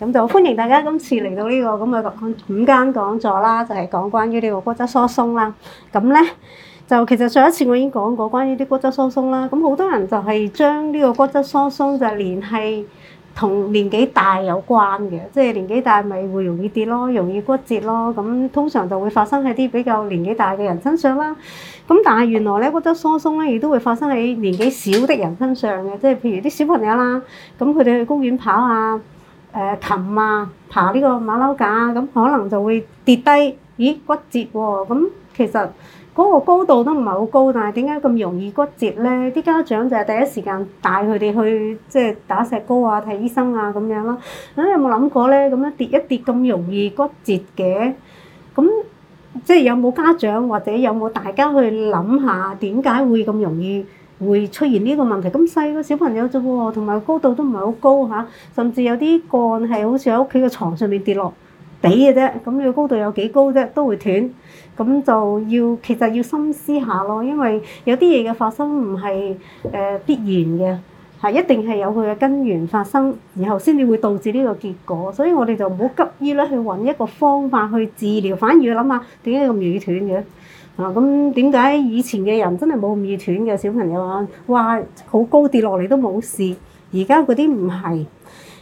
咁就歡迎大家今次嚟到呢個咁嘅五間講座啦，就係講關於呢個骨質疏鬆啦。咁咧就其實上一次我已經講過關於啲骨質疏鬆啦。咁好多人就係將呢個骨質疏鬆就係聯繫同年紀大有關嘅，即係年紀大咪會容易跌咯，容易骨折咯。咁通常就會發生喺啲比較年紀大嘅人身上啦。咁但係原來咧骨質疏鬆咧亦都會發生喺年紀小的人身上嘅，即係譬如啲小朋友啦，咁佢哋去公園跑啊。誒擒、呃、啊，爬呢個馬騮架，咁可能就會跌低，咦骨折喎、哦！咁其實嗰個高度都唔係好高，但係點解咁容易骨折咧？啲家長就係第一時間帶佢哋去即係、就是、打石膏啊、睇醫生啊咁樣囉。咁你有冇諗過咧？咁樣跌一跌咁容易骨折嘅，咁即係有冇家長或者有冇大家去諗下點解會咁容易？會出現呢個問題，咁細個小朋友啫喎，同埋高度都唔係好高嚇，甚至有啲個案係好似喺屋企嘅床上面跌落地嘅啫，咁你個高度有幾高啫，都會斷，咁就要其實要深思下咯，因為有啲嘢嘅發生唔係誒必然嘅，係一定係有佢嘅根源發生，然後先至會導致呢個結果，所以我哋就唔好急於咧去揾一個方法去治療，反而要諗下點解咁容易斷嘅。啊，咁點解以前嘅人真係冇咁易斷嘅小朋友啊？哇，好高跌落嚟都冇事。而家嗰啲唔係。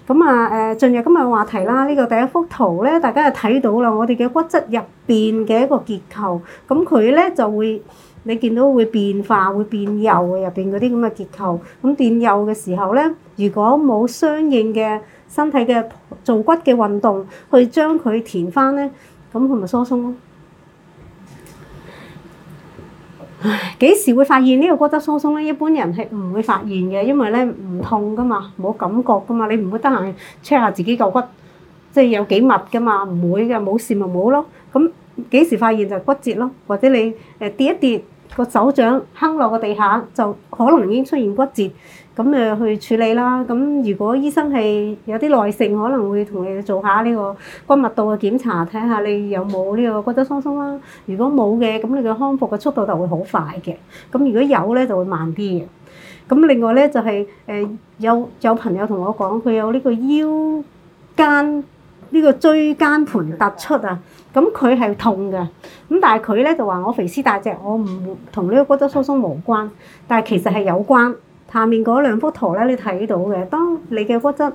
咁啊，誒進入今日嘅話題啦。呢個第一幅圖咧，大家就睇到啦。我哋嘅骨質入邊嘅一個結構，咁佢咧就會你見到會變化、會變幼嘅入邊嗰啲咁嘅結構。咁變幼嘅時候咧，如果冇相應嘅身體嘅做骨嘅運動去將佢填翻咧，咁佢咪疏鬆咯。唉，幾時會發現呢個骨質疏鬆咧？一般人係唔會發現嘅，因為咧唔痛噶嘛，冇感覺噶嘛，你唔會得閒 check 下自己個骨，即係有幾密噶嘛，唔會嘅，冇事咪冇咯。咁幾時發現就骨折咯，或者你誒跌一跌。個手掌坑落個地下，就可能已經出現骨折，咁誒、呃、去處理啦。咁如果醫生係有啲耐性，可能會同你做下呢個骨密度嘅檢查，睇下你有冇呢個骨質疏鬆啦。如果冇嘅，咁你嘅康復嘅速度就會好快嘅。咁如果有咧，就會慢啲嘅。咁另外咧就係、是、誒、呃、有有朋友同我講，佢有呢個腰間呢、呢個椎間盤突出啊。咁佢係痛嘅，咁但係佢咧就話：我肥屍大隻，我唔同呢個骨質疏鬆無關。”但係其實係有關。下面嗰兩幅圖咧，你睇到嘅，當你嘅骨質誒、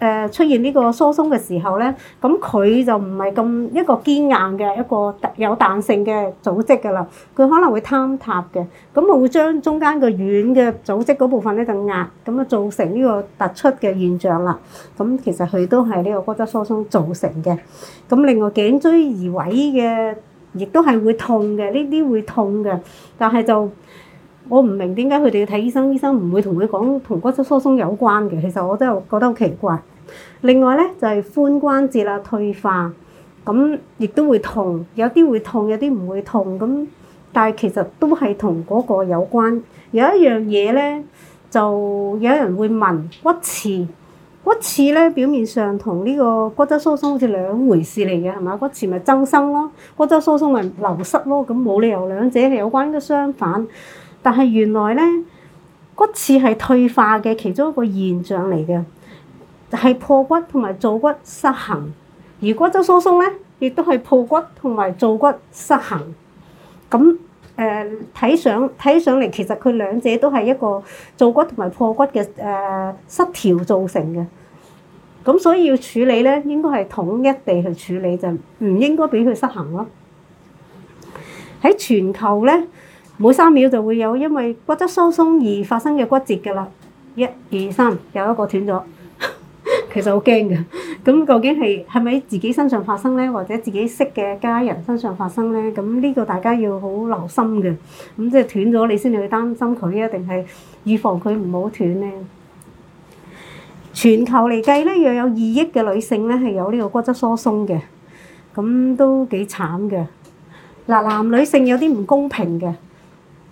呃、出現呢個疏鬆嘅時候咧，咁佢就唔係咁一個堅硬嘅一個有彈性嘅組織㗎啦，佢可能會坍塌嘅，咁就會將中間個軟嘅組織嗰部分咧就壓，咁啊造成呢個突出嘅現象啦。咁其實佢都係呢個骨質疏鬆造成嘅。咁另外頸椎移位嘅，亦都係會痛嘅，呢啲會痛嘅，但係就～我唔明點解佢哋要睇醫生，醫生唔會同佢講同骨質疏鬆有關嘅。其實我真係覺得好奇怪。另外咧就係髖關節啦退化，咁亦都會痛，有啲會痛，有啲唔會痛。咁但係其實都係同嗰個有關。有一樣嘢咧就有人會問骨刺，骨刺咧表面上同呢個骨質疏鬆好似兩回事嚟嘅係嘛？骨刺咪增生咯，骨質疏鬆咪流失咯，咁冇理由兩者係有關嘅相反。但係原來咧，骨刺係退化嘅其中一個現象嚟嘅，係、就是、破骨同埋造骨失衡。而骨質疏鬆咧，亦都係破骨同埋造骨失衡。咁誒睇上睇上嚟，其實佢兩者都係一個造骨同埋破骨嘅誒、呃、失調造成嘅。咁、呃、所以要處理咧，應該係統一地去處理就唔應該俾佢失衡咯。喺全球咧。每三秒就會有因為骨質疏鬆而發生嘅骨折㗎啦，一、二、三，有一個斷咗，其實好驚㗎。咁究竟係係咪自己身上發生咧，或者自己識嘅家人身上發生咧？咁呢個大家要好留心嘅。咁即係斷咗，你先至擔心佢啊，定係預防佢唔好斷咧？全球嚟計咧，約有二億嘅女性咧係有呢個骨質疏鬆嘅，咁都幾慘嘅。嗱，男女性有啲唔公平嘅。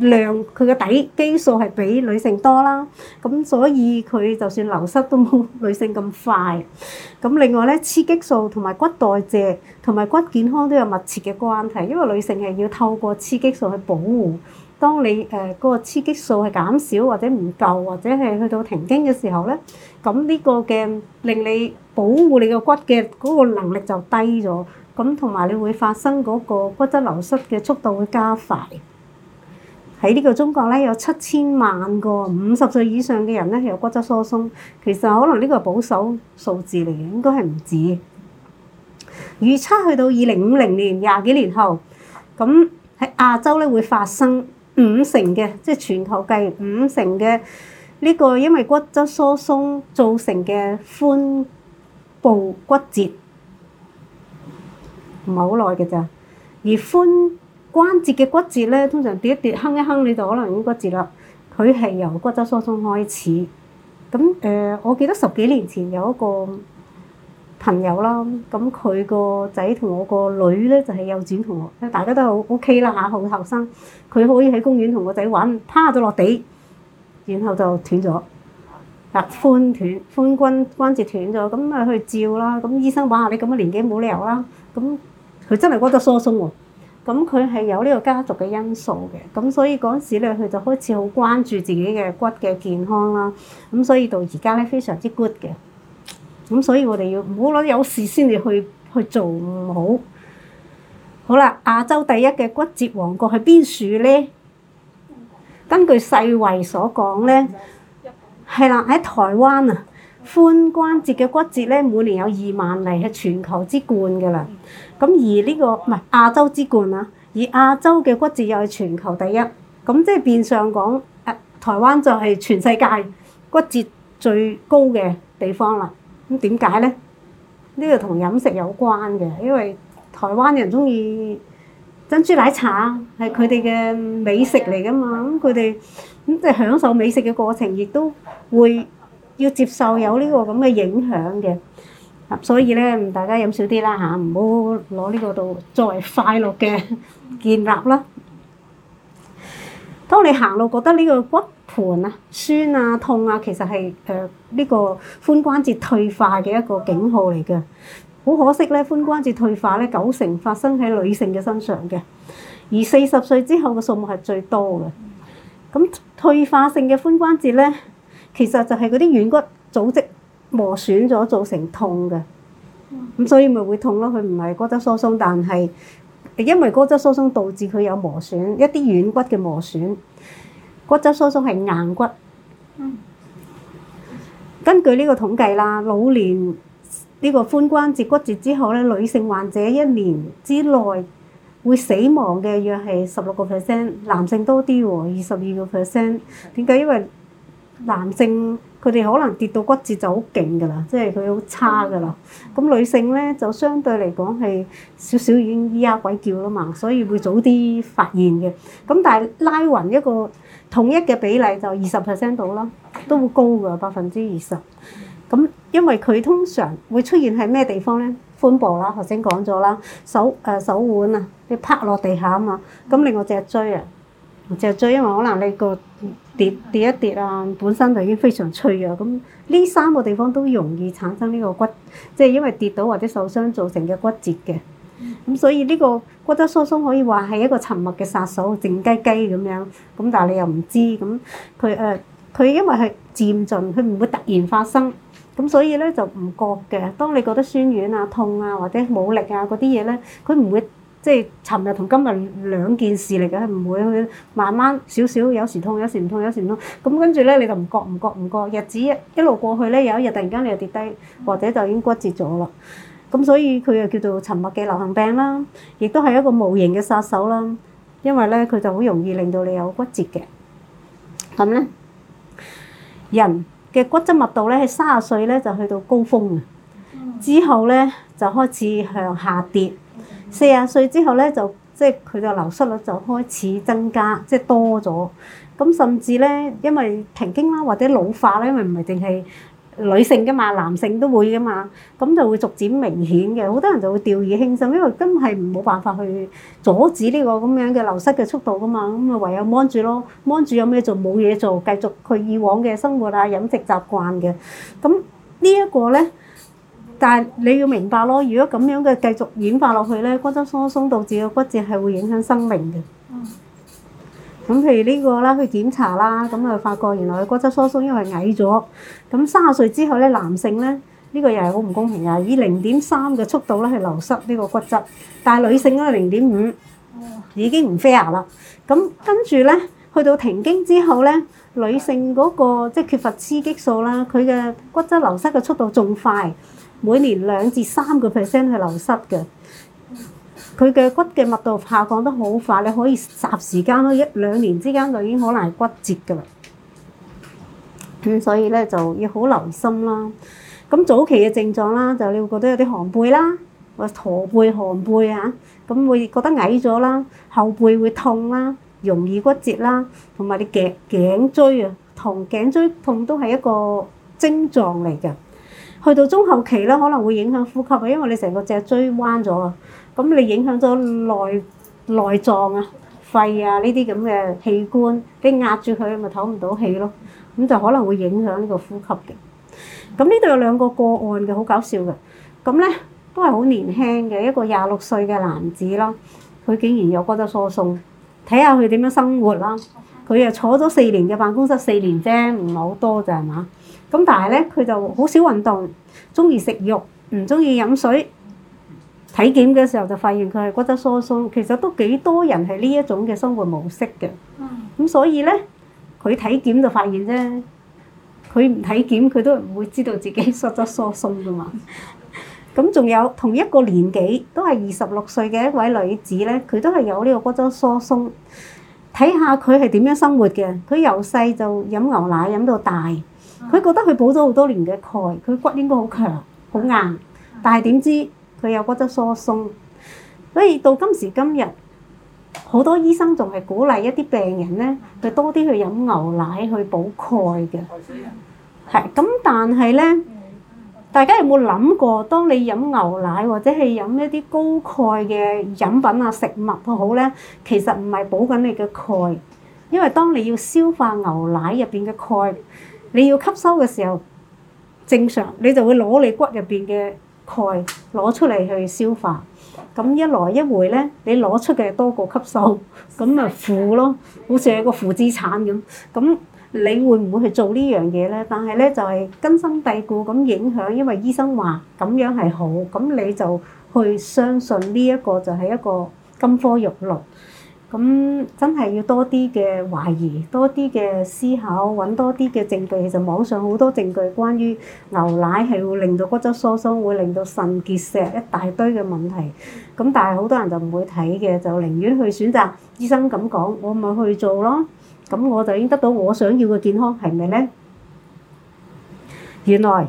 量佢嘅底基數係比女性多啦，咁所以佢就算流失都冇女性咁快。咁另外咧，雌激素同埋骨代謝同埋骨健康都有密切嘅關係，因為女性係要透過雌激素去保護。當你誒嗰個雌激素係減少或者唔夠或者係去到停經嘅時候咧，咁呢個嘅令你保護你個骨嘅嗰個能力就低咗，咁同埋你會發生嗰個骨質流失嘅速度會加快。喺呢個中國咧，有七千萬個五十歲以上嘅人咧有骨質疏鬆。其實可能呢個保守數字嚟嘅，應該係唔止。預測去到二零五零年廿幾年後，咁喺亞洲咧會發生五成嘅，即係全球計五成嘅呢個因為骨質疏鬆造成嘅髖部骨折，唔係好耐嘅咋。而髖關節嘅骨折咧，通常跌一跌、哼一哼，你就可能已經骨折啦。佢係由骨質疏鬆開始。咁誒、呃，我記得十幾年前有一個朋友啦，咁佢個仔同我個女咧就係、是、幼稚園同學，大家都好 OK 啦嚇，好後生。佢可以喺公園同個仔玩，趴咗落地，然後就斷咗。啊，關斷關關節斷咗，咁啊去照啦。咁醫生話：你咁嘅年紀冇理由啦。咁佢真係骨質疏鬆喎、啊。咁佢係有呢個家族嘅因素嘅，咁所以嗰陣時咧，佢就開始好關注自己嘅骨嘅健康啦。咁所以到而家咧，非常之 good 嘅。咁所以我哋要唔好攞有事先至去去做，唔好。好啦，亞洲第一嘅骨折王國係邊處咧？根據世衞所講咧，係啦，喺台灣啊，髖關節嘅骨折咧，每年有二萬例，係全球之冠嘅啦。咁而呢個唔係亞洲之冠啊，而亞洲嘅骨折又係全球第一，咁即係變相講，誒台灣就係全世界骨折最高嘅地方啦。咁點解咧？呢個同飲食有關嘅，因為台灣人中意珍珠奶茶，係佢哋嘅美食嚟噶嘛。咁佢哋咁即係享受美食嘅過程，亦都會要接受有呢個咁嘅影響嘅。所以咧，大家飲少啲啦嚇，唔好攞呢個度作為快樂嘅建立啦。當你行路覺得呢個骨盆啊酸啊痛啊，其實係誒呢個髖關節退化嘅一個警號嚟嘅。好可惜咧，髖關節退化咧九成發生喺女性嘅身上嘅，而四十歲之後嘅數目係最多嘅。咁退化性嘅髖關節咧，其實就係嗰啲軟骨組織。磨損咗造成痛嘅，咁所以咪會痛咯。佢唔係骨質疏鬆，但係因為骨質疏鬆導致佢有磨損，一啲軟骨嘅磨損。骨質疏鬆係硬骨。嗯。根據呢個統計啦，老年呢個髖關節骨折之後咧，女性患者一年之內會死亡嘅約係十六個 percent，男性多啲喎，二十二個 percent。點解？因為男性。佢哋可能跌到骨折就好勁㗎啦，即係佢好差㗎啦。咁女性咧就相對嚟講係少少已經咿呀鬼叫啦嘛，所以會早啲發現嘅。咁但係拉勻一個統一嘅比例就二十 percent 到啦，都會高㗎，百分之二十。咁因為佢通常會出現喺咩地方咧？髖部啦，頭先講咗啦，手誒、呃、手腕啊，你啪落地下啊嘛。咁另外脊椎啊，脊椎因為可能你個跌跌一跌啊，本身就已經非常脆弱，咁呢三個地方都容易產生呢個骨，即係因為跌倒或者受傷造成嘅骨折嘅。咁、嗯、所以呢個骨質疏鬆可以話係一個沉默嘅殺手，靜雞雞咁樣。咁但係你又唔知，咁佢誒佢因為係漸進，佢唔會突然發生。咁所以咧就唔覺嘅。當你覺得酸軟啊、痛啊或者冇力啊嗰啲嘢咧，佢唔會。即係尋日同今日兩件事嚟嘅，唔會去慢慢少少，有時痛，有時唔痛，有時唔痛。咁跟住咧，你就唔覺唔覺唔覺，日子一路過去咧，有一日突然間你又跌低，或者就已經骨折咗啦。咁所以佢又叫做沉默嘅流行病啦，亦都係一個無形嘅殺手啦。因為咧，佢就好容易令到你有骨折嘅。咁、嗯、咧，人嘅骨質密度咧喺卅歲咧就去到高峰，之後咧就開始向下跌。四十歲之後咧，就即係佢嘅流失率就開始增加，即係多咗。咁甚至咧，因為停經啦，或者老化咧，因為唔係淨係女性噶嘛，男性都會噶嘛，咁就會逐漸明顯嘅。好多人就會掉以輕心，因為根本係冇辦法去阻止呢個咁樣嘅流失嘅速度噶嘛。咁啊，唯有望住咯，望住有咩做，冇嘢做，繼續佢以往嘅生活啊、飲食習慣嘅。咁呢一個咧。但係你要明白咯，如果咁樣嘅繼續演化落去咧，骨質疏鬆導致嘅骨折係會影響生命嘅。嗯。咁譬如呢個啦，去檢查啦，咁啊發覺原來佢骨質疏鬆，因為矮咗。咁三十歲之後咧，男性咧呢個又係好唔公平呀，以零點三嘅速度咧去流失呢個骨質，但係女性咧零點五，5，已經唔 fair 啦。咁跟住咧，去到停經之後咧，女性嗰個即係缺乏雌激素啦，佢嘅骨質流失嘅速度仲快。每年兩至三個 percent 係流失嘅，佢嘅骨嘅密度下降得好快，你可以霎時間咯，一兩年之間就已經可能係骨折噶啦。咁所以咧就要好留心啦。咁早期嘅症狀啦，就你會覺得有啲寒背啦，或駝背寒背啊，咁會覺得矮咗啦，後背會痛啦，容易骨折啦，同埋啲頸頸椎啊，同頸椎痛都係一個症狀嚟嘅。去到中後期咧，可能會影響呼吸啊，因為你成個脊椎彎咗啊，咁你影響咗內內臟啊、肺啊呢啲咁嘅器官，你壓住佢咪唞唔到氣咯，咁就可能會影響呢個呼吸嘅。咁呢度有兩個個案嘅，好搞笑嘅，咁咧都係好年輕嘅，一個廿六歲嘅男子啦，佢竟然有骨質疏鬆，睇下佢點樣生活啦，佢呀坐咗四年嘅辦公室，四年啫，唔係好多咋係嘛？咁但係咧，佢就好少運動，中意食肉，唔中意飲水。體檢嘅時候就發現佢係骨質疏鬆，其實都幾多人係呢一種嘅生活模式嘅。咁所以咧，佢體檢就發現啫。佢唔體檢，佢都唔會知道自己骨質疏鬆噶嘛。咁仲有同一個年紀，都係二十六歲嘅一位女子咧，佢都係有呢個骨質疏鬆。睇下佢係點樣生活嘅，佢由細就飲牛奶飲到大。佢覺得佢補咗好多年嘅鈣，佢骨應該好強好硬，但係點知佢又骨質疏鬆，所以到今時今日，好多醫生仲係鼓勵一啲病人咧，去多啲去飲牛奶去補鈣嘅，係咁。但係咧，大家有冇諗過，當你飲牛奶或者係飲一啲高鈣嘅飲品啊食物都好咧，其實唔係補緊你嘅鈣，因為當你要消化牛奶入邊嘅鈣。你要吸收嘅時候正常，你就會攞你骨入邊嘅鈣攞出嚟去消化。咁一來一回咧，你攞出嘅多過吸收，咁咪負咯，好似係個負資產咁。咁你會唔會去做呢樣嘢咧？但係咧就係根深蒂固咁影響，因為醫生話咁樣係好，咁你就去相信呢一個就係一個金科玉律。咁真係要多啲嘅懷疑，多啲嘅思考，揾多啲嘅證據。其實網上好多證據關於牛奶係會令到骨質疏鬆，會令到腎結石，一大堆嘅問題。咁但係好多人就唔會睇嘅，就寧願去選擇醫生咁講，我咪去做咯。咁我就已經得到我想要嘅健康，係咪咧？原來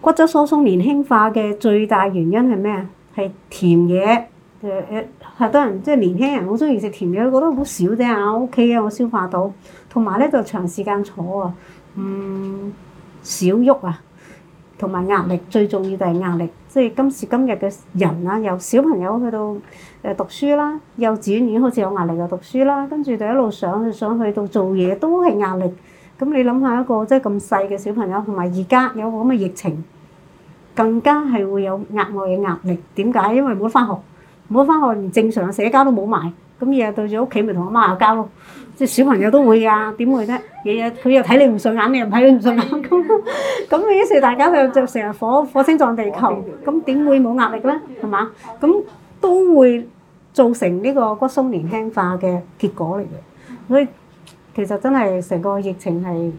骨質疏鬆年輕化嘅最大原因係咩啊？係甜嘢。誒誒，好、呃、多人即係年輕人好鍾意食甜嘢，覺得好少啫。喺屋企嘅我消化到，同埋咧就長時間坐啊，唔少喐啊，同埋壓力。最重要就係壓力，即係今時今日嘅人啊，由小朋友去到誒讀書啦，幼稚園已經好似有壓力嘅讀書啦，跟住就一路上去上去到做嘢都係壓力。咁你諗下一個即係咁細嘅小朋友，同埋而家有咁嘅疫情，更加係會有額外嘅壓力。點解？因為冇得返學。唔好翻學，連正常社交都冇埋，咁日日到住屋企咪同阿媽鬧交咯。即小朋友都會噶，點會啫？日日佢又睇你唔順眼，你又睇佢唔順眼，咁咁於是大家就就成日火火星撞地球，咁點會冇壓力咧？係嘛？咁都會造成呢個骨鬆年輕化嘅結果嚟嘅。所以其實真係成個疫情係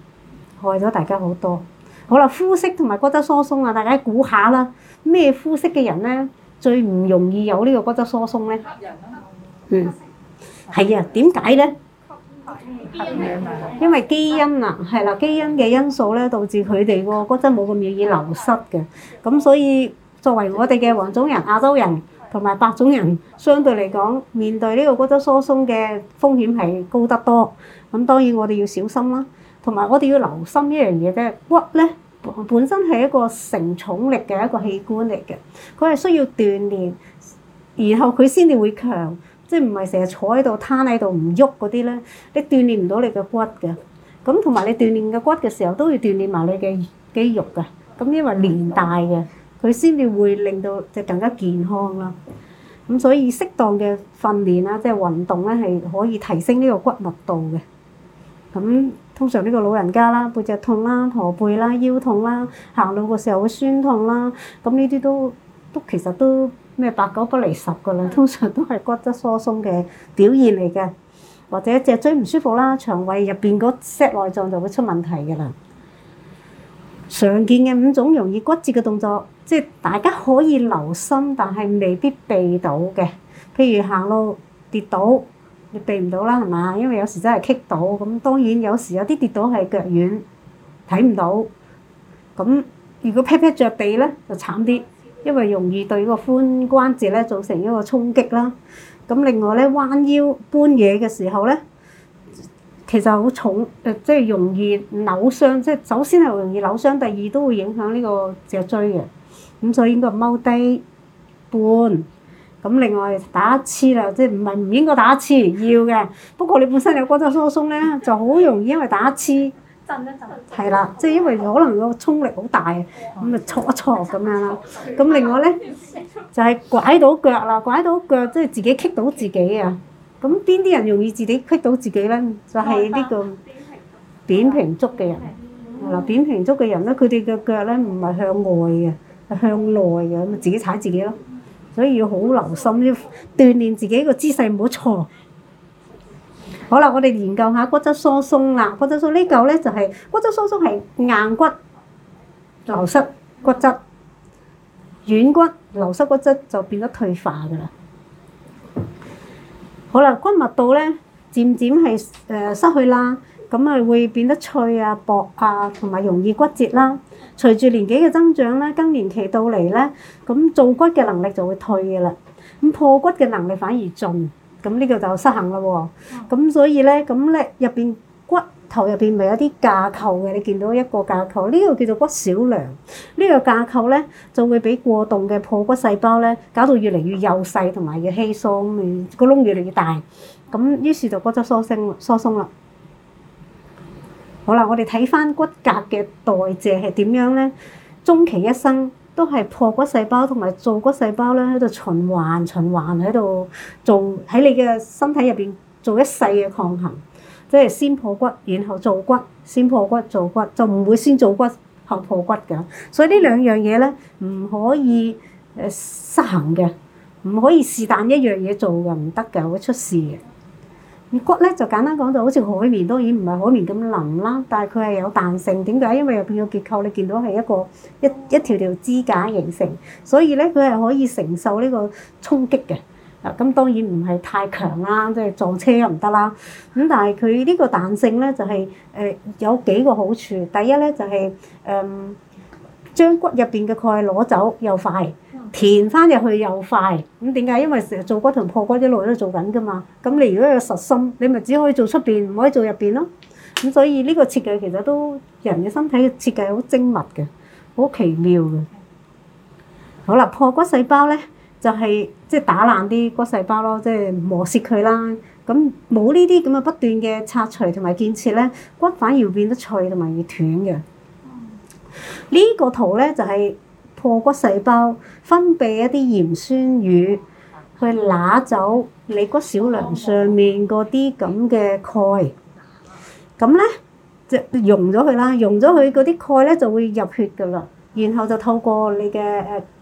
害咗大家好多。好啦，膚色同埋骨質疏鬆啊，大家估下啦，咩膚色嘅人咧？最唔容易有呢個骨質疏鬆咧？嗯，係啊，點解咧？因為基因啊，係啦，基因嘅因素咧，導致佢哋個骨質冇咁容易流失嘅。咁所以作為我哋嘅黃種人、亞洲人同埋白種人，相對嚟講，面對呢個骨質疏鬆嘅風險係高得多。咁當然我哋要小心啦，同埋我哋要留心一樣嘢啫骨咧。本身係一個承重力嘅一個器官嚟嘅，佢係需要鍛煉，然後佢先至會強，即係唔係成日坐喺度攤喺度唔喐嗰啲咧？你鍛煉唔到你嘅骨嘅，咁同埋你鍛煉嘅骨嘅時候，都要鍛煉埋你嘅肌肉嘅，咁因為連帶嘅，佢先至會令到就更加健康啦。咁所以適當嘅訓練啦，即係運動咧，係可以提升呢個骨密度嘅。咁通常呢個老人家啦，背脊痛啦，駝背啦，腰痛啦，行路嘅時候會酸痛啦，咁呢啲都都其實都咩八九不離十噶啦。通常都係骨質疏鬆嘅表現嚟嘅，或者脊椎唔舒服啦，腸胃入邊嗰 set 內臟就會出問題噶啦。常見嘅五種容易骨折嘅動作，即係大家可以留心，但係未必避到嘅。譬如行路跌倒。你避唔到啦，係嘛？因為有時真係棘到，咁當然有時有啲跌到係腳軟睇唔到，咁如果劈劈着地咧就慘啲，因為容易對個髖關節咧造成一個衝擊啦。咁另外咧彎腰搬嘢嘅時候咧，其實好重，誒、呃、即係容易扭傷，即係首先係容易扭傷，第二都會影響呢個脊椎嘅，咁所以應該踎低搬。咁另外打乞嗤啦，即係唔係唔應該打乞嗤，要嘅。不過你本身有骨質疏鬆咧， 就好容易因為打乞嗤震一震。係啦， 即係因為可能個衝力好大，咁咪挫一挫咁樣啦。咁另外咧就係、是、拐到腳啦，拐到腳即係自己棘到自己啊。咁邊啲人容易自己棘到自己咧？就係、是、呢個扁平足嘅人。嗱， 扁平足嘅人咧，佢哋個腳咧唔係向外嘅，係向內嘅，咁咪 自己踩自己咯。所以要好留心，要鍛鍊自己個姿勢唔好錯。好啦，我哋研究下骨質疏鬆啦。骨質疏鬆呢嚿咧就係骨質疏鬆係硬骨流失，骨質軟骨流失，骨質就變得退化噶啦。好啦，骨密度咧漸漸係誒失去啦。咁啊，會變得脆啊、薄啊，同埋容易骨折啦。隨住年紀嘅增長咧，更年期到嚟咧，咁造骨嘅能力就會退嘅啦。咁破骨嘅能力反而重，咁呢個就失衡啦喎。咁所以咧，咁咧入邊骨頭入邊咪有啲架構嘅，你見到一個架構，呢個叫做骨小梁。呢個架構咧就會俾過度嘅破骨細胞咧搞到越嚟越幼細，同埋越稀疏，咁樣個窿越嚟越大，咁於是就骨質疏聲疏鬆啦。好啦，我哋睇翻骨骼嘅代謝係點樣咧？終其一生都係破骨細胞同埋做骨細胞咧喺度循環，循環喺度做，喺你嘅身體入邊做一世嘅抗衡，即係先破骨，然後做骨，先破骨做骨，就唔會先做骨後破骨㗎。所以呢兩樣嘢咧唔可以誒失衡嘅，唔可以是但一樣嘢做嘅，唔得嘅，會出事嘅。骨咧，就簡單講，就好似海綿，當然唔係海綿咁腍啦，但係佢係有彈性。點解？因為入邊嘅結構你見到係一個一一條條支架形成，所以咧，佢係可以承受呢個衝擊嘅。嗱、啊、咁當然唔係太強啦，即係撞車又唔得啦。咁但係佢呢個彈性咧，就係、是、誒、呃、有幾個好處。第一咧，就係、是、誒、嗯、將骨入邊嘅鈣攞走又快。填翻入去又快，咁點解？因為成日做骨同破骨一路都做緊噶嘛。咁你如果有實心，你咪只可以做出邊，唔可以做入邊咯。咁所以呢個設計其實都人嘅身體嘅設計好精密嘅，好奇妙嘅。好啦，破骨細胞咧就係即係打爛啲骨細胞咯，即係磨蝕佢啦。咁冇呢啲咁嘅不斷嘅拆除同埋建設咧，骨反而變得脆同埋易斷嘅。呢個圖咧就係。破骨細胞分泌一啲鹽酸乳，去攞走你骨小梁上面嗰啲咁嘅鈣，咁咧就溶咗佢啦，溶咗佢嗰啲鈣咧就會入血噶啦，然後就透過你嘅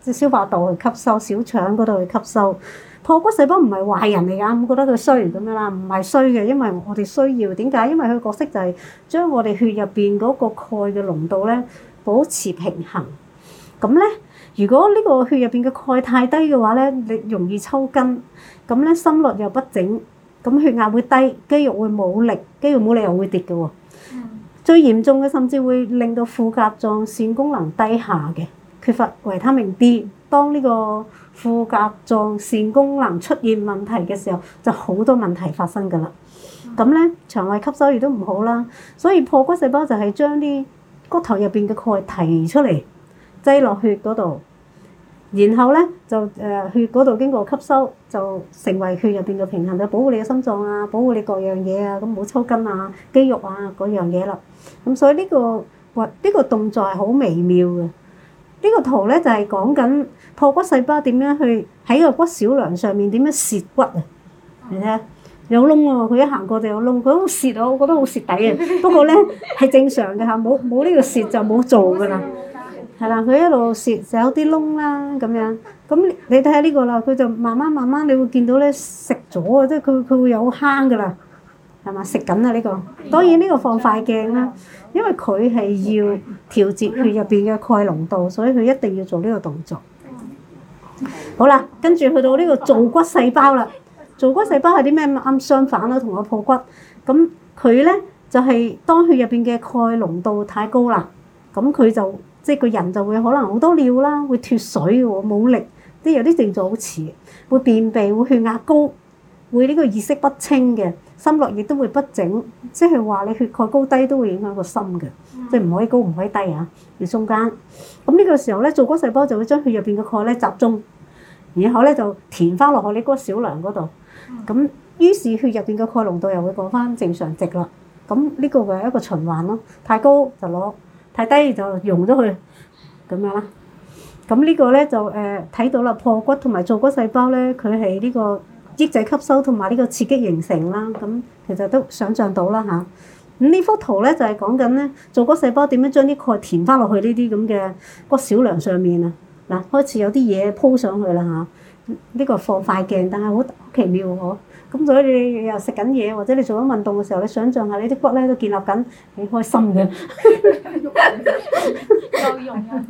誒消化道去吸收，小腸嗰度去吸收。破骨細胞唔係壞人嚟噶，唔覺得佢衰咁樣啦，唔係衰嘅，因為我哋需要。點解？因為佢角色就係將我哋血入邊嗰個鈣嘅濃度咧保持平衡。咁咧，如果呢個血入邊嘅鈣太低嘅話咧，你容易抽筋。咁咧心律又不整，咁血壓會低，肌肉會冇力，肌肉冇理由會跌嘅喎、哦。嗯、最嚴重嘅甚至會令到副甲狀腺功能低下嘅，缺乏維他命 D。當呢個副甲狀腺功能出現問題嘅時候，就好多問題發生嘅啦。咁咧、嗯、腸胃吸收亦都唔好啦，所以破骨細胞就係將啲骨頭入邊嘅鈣提出嚟。擠落血嗰度，然後咧就誒血嗰度經過吸收，就成為血入邊嘅平衡，就保護你嘅心臟啊，保護你各樣嘢啊，咁冇抽筋啊、肌肉啊嗰樣嘢啦。咁所以呢個或呢個動作係好微妙嘅。呢個圖咧就係講緊破骨細胞點樣去喺個骨小梁上面點樣蝕骨啊。你睇下有窿喎，佢一行過就有窿，佢好蝕啊，我覺得好蝕底啊。不過咧係正常嘅嚇，冇冇呢個蝕就冇做㗎啦。係啦，佢一路蝕就有啲窿啦咁樣。咁你睇下呢個啦，佢就慢慢慢慢你會見到咧食咗啊，即係佢佢會有坑噶啦，係嘛？食緊啊呢個。當然呢個放快鏡啦，因為佢係要調節血入邊嘅鈣濃度，所以佢一定要做呢個動作。好啦，跟住去到呢個造骨細胞啦。造骨細胞係啲咩？啱相反咯，同我破骨。咁佢咧就係當血入邊嘅鈣濃度太高啦，咁佢就。即係個人就會可能好多尿啦，會脫水喎，冇力。即係有啲症狀好似會便秘、會血壓高、會呢個意識不清嘅、心律亦都會不整。即係話你血鈣高低都會影響個心嘅，嗯、即係唔可以高、唔可以低啊，要中間。咁呢個時候咧，造骨細胞就會將血入邊嘅鈣咧集中，然後咧就填翻落去你骨小梁嗰度。咁於、嗯、是血入邊嘅鈣濃度又會過翻正常值啦。咁呢個係一個循環咯，太高就攞。太低就溶咗佢咁樣啦。咁、這個、呢個咧就誒睇、呃、到啦，破骨同埋造骨細胞咧，佢係呢個抑制吸收同埋呢個刺激形成啦。咁其實都想像到啦吓，咁、啊、呢幅圖咧就係講緊咧造骨細胞點樣將啲鈣填翻落去呢啲咁嘅骨小梁上面啊嗱，開始有啲嘢鋪上去啦吓，呢、啊這個放快鏡，但係好好奇妙呵。啊咁所以你又食緊嘢，或者你做緊運動嘅時候，你想像下你啲骨咧都建立緊，幾開心嘅。夠用呀，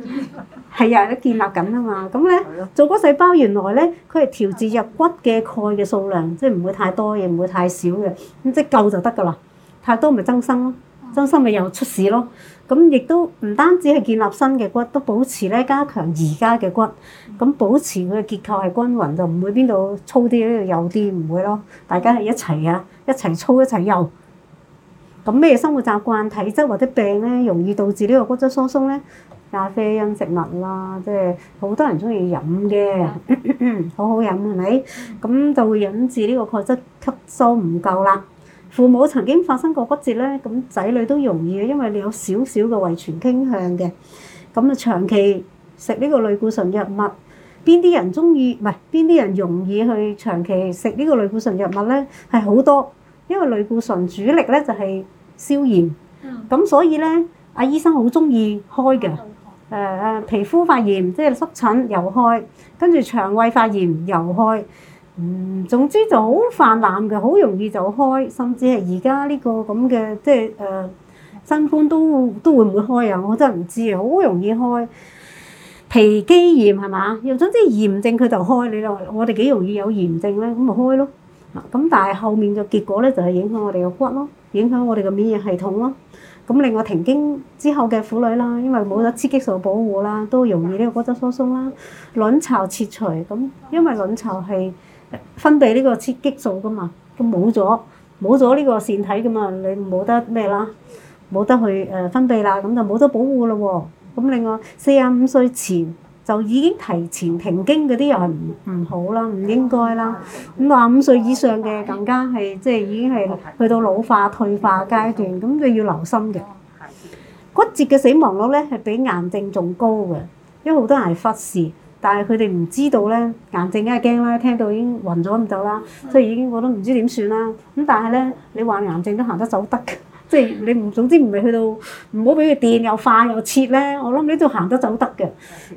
係啊，你建立緊啊嘛。咁咧，造骨細胞原來咧，佢係調節入骨嘅鈣嘅數量，即係唔會太多，亦唔會太少嘅。咁即係夠就得㗎喇。太多咪增生咯，增生咪又出事咯。咁亦都唔單止係建立新嘅骨，都保持咧加強而家嘅骨。咁保持佢嘅結構係均勻，就唔會邊度粗啲，呢度幼啲，唔會咯。大家係一齊啊，一齊粗一齊幼。咁咩生活習慣、體質或者病咧，容易導致呢個骨質疏鬆咧？咖啡因食物啦，即係好多人中意飲嘅，嗯、 好好飲係咪？咁就會引致呢個鈣質吸收唔夠啦。父母曾經發生過骨折咧，咁仔女都容易嘅，因為你有少少嘅遺傳傾向嘅。咁啊，長期食呢個類固醇藥物，邊啲人中意？唔係邊啲人容易去長期食呢個類固醇藥物咧？係好多，因為類固醇主力咧就係消炎。嗯。咁所以咧，阿、啊、醫生好中意開嘅，誒、呃、誒皮膚發炎即係濕疹又開，跟住腸胃發炎又開。嗯，總之就好泛濫嘅，好容易就開，甚至係而家呢個咁嘅即係誒、呃、新冠都都會唔會開啊？我真係唔知，好容易開皮肌炎係嘛？又總之炎症佢就開你咯。我哋幾容易有炎症咧，咁咪開咯。嗱、啊、咁，但係後面嘅結果咧就係、是、影響我哋嘅骨咯，影響我哋嘅免疫系統咯。咁另外停經之後嘅婦女啦，因為冇咗雌激素保護啦，都容易呢個骨質疏鬆啦。卵巢切除咁，因為卵巢係。分泌呢個雌激素噶嘛，都冇咗，冇咗呢個腺體㗎嘛，你冇得咩啦，冇得去誒分泌啦，咁就冇得保護咯喎。咁另外，四十五歲前就已經提前停經嗰啲又係唔唔好啦，唔應該啦。五十五歲以上嘅更加係即係已經係去到老化退化階段，咁你要留心嘅。骨折嘅死亡率咧係比癌症仲高嘅，因為好多人係忽視。但係佢哋唔知道咧，癌症梗係驚啦，聽到已經暈咗咁走啦，即係已經我都唔知點算啦。咁但係咧，你患癌症都行得走得嘅，即係你唔，總之唔係去到唔好俾佢電又快又切咧。我諗你都行得走得嘅。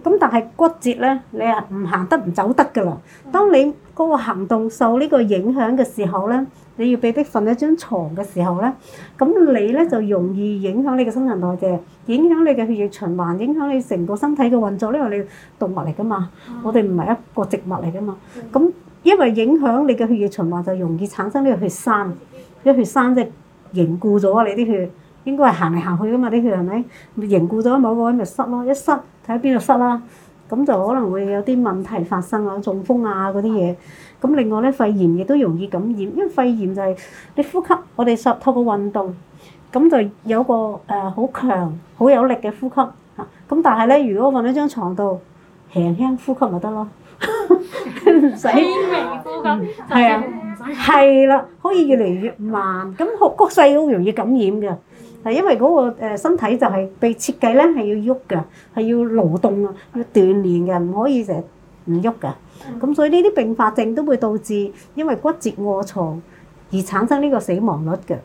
咁但係骨折咧，你啊唔行得唔走得㗎啦。當你嗰個行動受呢個影響嘅時候咧。你要被逼瞓一張床嘅時候咧，咁你咧就容易影響你嘅新陳代謝，影響你嘅血液循環，影響你成個身體嘅運作。因為你動物嚟噶嘛，我哋唔係一個植物嚟噶嘛。咁因為影響你嘅血液循環，就容易產生呢個血栓。因血栓即係凝固咗你啲血，應該係行嚟行去噶嘛啲血係咪？凝固咗某個位咪塞咯，一塞睇下邊度塞啦，咁就可能會有啲問題發生啊，中風啊嗰啲嘢。咁另外咧，肺炎亦都容易感染。因為肺炎就係你呼吸，我哋實透過運動，咁就有個誒好強、好、呃、有力嘅呼吸。咁、啊、但係咧，如果瞓喺張床度，輕輕呼吸咪得咯，唔使輕呼吸，係 啊，係啦、 啊，可以越嚟越慢。咁胸骨細好容易感染㗎，係因為嗰個身體就係被設計咧係要喐㗎，係要勞動啊，要鍛鍊㗎，唔可以成日。唔喐㗎，咁所以呢啲併發症都會導致因為骨折卧牀而產生呢個死亡率嘅。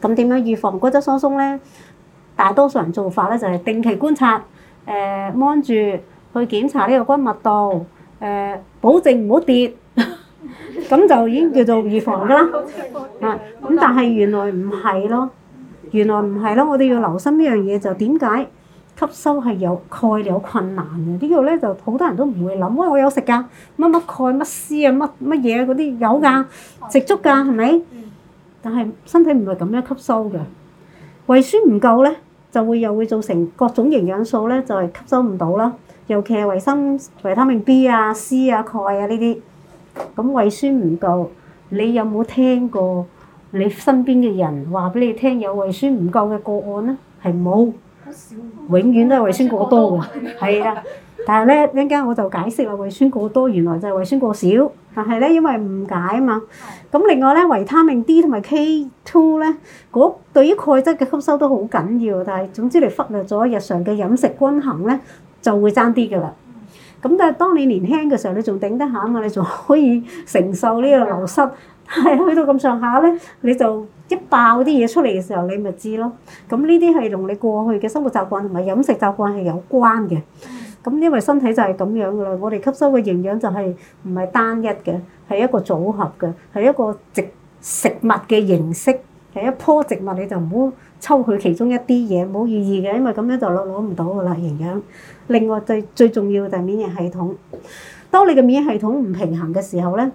咁點樣預防骨質疏鬆咧？大多數人做法咧就係定期觀察，誒望住去檢查呢個骨密度，誒保證唔好跌，咁就已經叫做預防㗎啦。啊，咁但係原來唔係咯，原來唔係咯，我哋要留心呢樣嘢就點解？吸收係有鈣有困難嘅，呢個咧就好多人都唔會諗，喂，我有食噶，乜乜鈣乜 C 啊，乜乜嘢嗰啲有噶，食足噶係咪？但係身體唔係咁樣吸收嘅，胃酸唔夠咧，就會又會造成各種營養素咧就係吸收唔到啦。尤其係維生維他命 B 啊、C 啊、鈣啊呢啲，咁胃酸唔夠，你有冇聽過你身邊嘅人話俾你聽有胃酸唔夠嘅個案咧？係冇。永遠都係胃酸過多嘅，係啦。但係咧一陣間我就解釋啦，胃酸過多原來就係胃酸過少。但係咧因為誤解啊嘛。咁另外咧，維他命 D 同埋 K2 咧，嗰對於鈣質嘅吸收都好緊要。但係總之你忽略咗日常嘅飲食均衡咧，就會爭啲噶啦。咁但係當你年輕嘅時候，你仲頂得下嘛？你仲可以承受呢個流失。但係去到咁上下咧，你就。一爆啲嘢出嚟嘅時候，你咪知咯。咁呢啲係同你過去嘅生活習慣同埋飲食習慣係有關嘅。咁因為身體就係咁樣噶啦，我哋吸收嘅營養就係唔係單一嘅，係一個組合嘅，係一個植食物嘅形式。係一樖植物，你就唔好抽佢其中一啲嘢，冇意義嘅，因為咁樣就攞攞唔到噶啦營養。另外最最重要就係免疫系統。當你嘅免疫系統唔平衡嘅時候咧。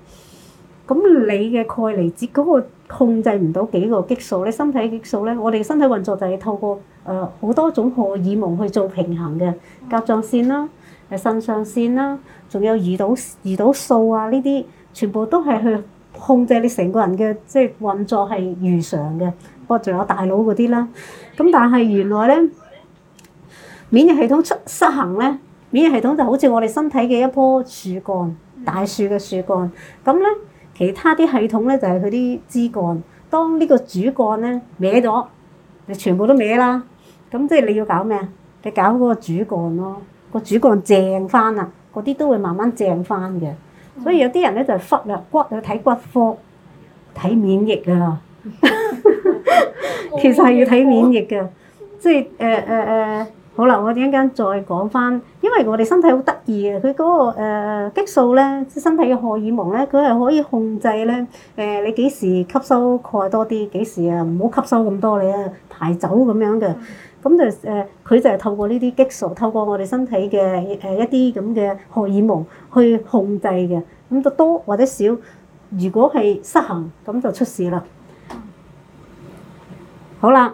咁你嘅鈣離子嗰個控制唔到幾個激素咧？你身體激素咧，我哋身體運作就係透過誒好、呃、多種荷爾蒙去做平衡嘅，甲狀腺啦、誒腎上腺啦，仲有胰島胰島素啊呢啲，全部都係去控制你成個人嘅即係運作係如常嘅。不過仲有大腦嗰啲啦，咁但係原來咧，免疫系統出失衡咧，免疫系統就好似我哋身體嘅一棵樹幹，嗯、大樹嘅樹幹，咁咧。其他啲系統咧就係佢啲枝幹，當呢個主幹咧歪咗，你全部都歪啦，咁即係你要搞咩啊？你搞嗰個主幹咯，個主幹正翻啦，嗰啲都會慢慢正翻嘅。所以有啲人咧就係、忽略骨，要睇骨科，睇免疫㗎喇， 其實係要睇免疫㗎，即係誒誒誒。呃呃好啦，我哋一陣間再講翻，因為我哋身體好得意嘅，佢嗰、那個、呃、激素咧，即身體嘅荷爾蒙咧，佢係可以控制咧，誒、呃、你幾時吸收鈣多啲，幾時啊唔好吸收咁多你啊排走咁樣嘅，咁、嗯、就誒、是、佢、呃、就係透過呢啲激素，透過我哋身體嘅誒、呃、一啲咁嘅荷爾蒙去控制嘅，咁就多或者少，如果係失衡咁就出事啦。好啦。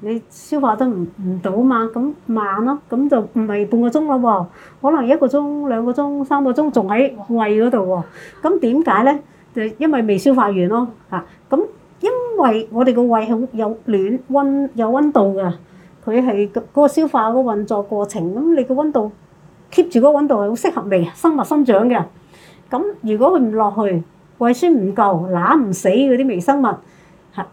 你消化得唔唔到嘛？咁慢咯、啊，咁就唔係半個鐘咯喎，可能一個鐘、兩個鐘、三個鐘仲喺胃嗰度喎。咁點解咧？就因為未消化完咯、哦、嚇。咁、啊、因為我哋個胃係有暖温有温度嘅，佢係嗰個消化個運作過程。咁你個温度 keep 住個温度係好適合微生物生長嘅。咁如果佢唔落去，胃酸唔夠，攬唔死嗰啲微生物。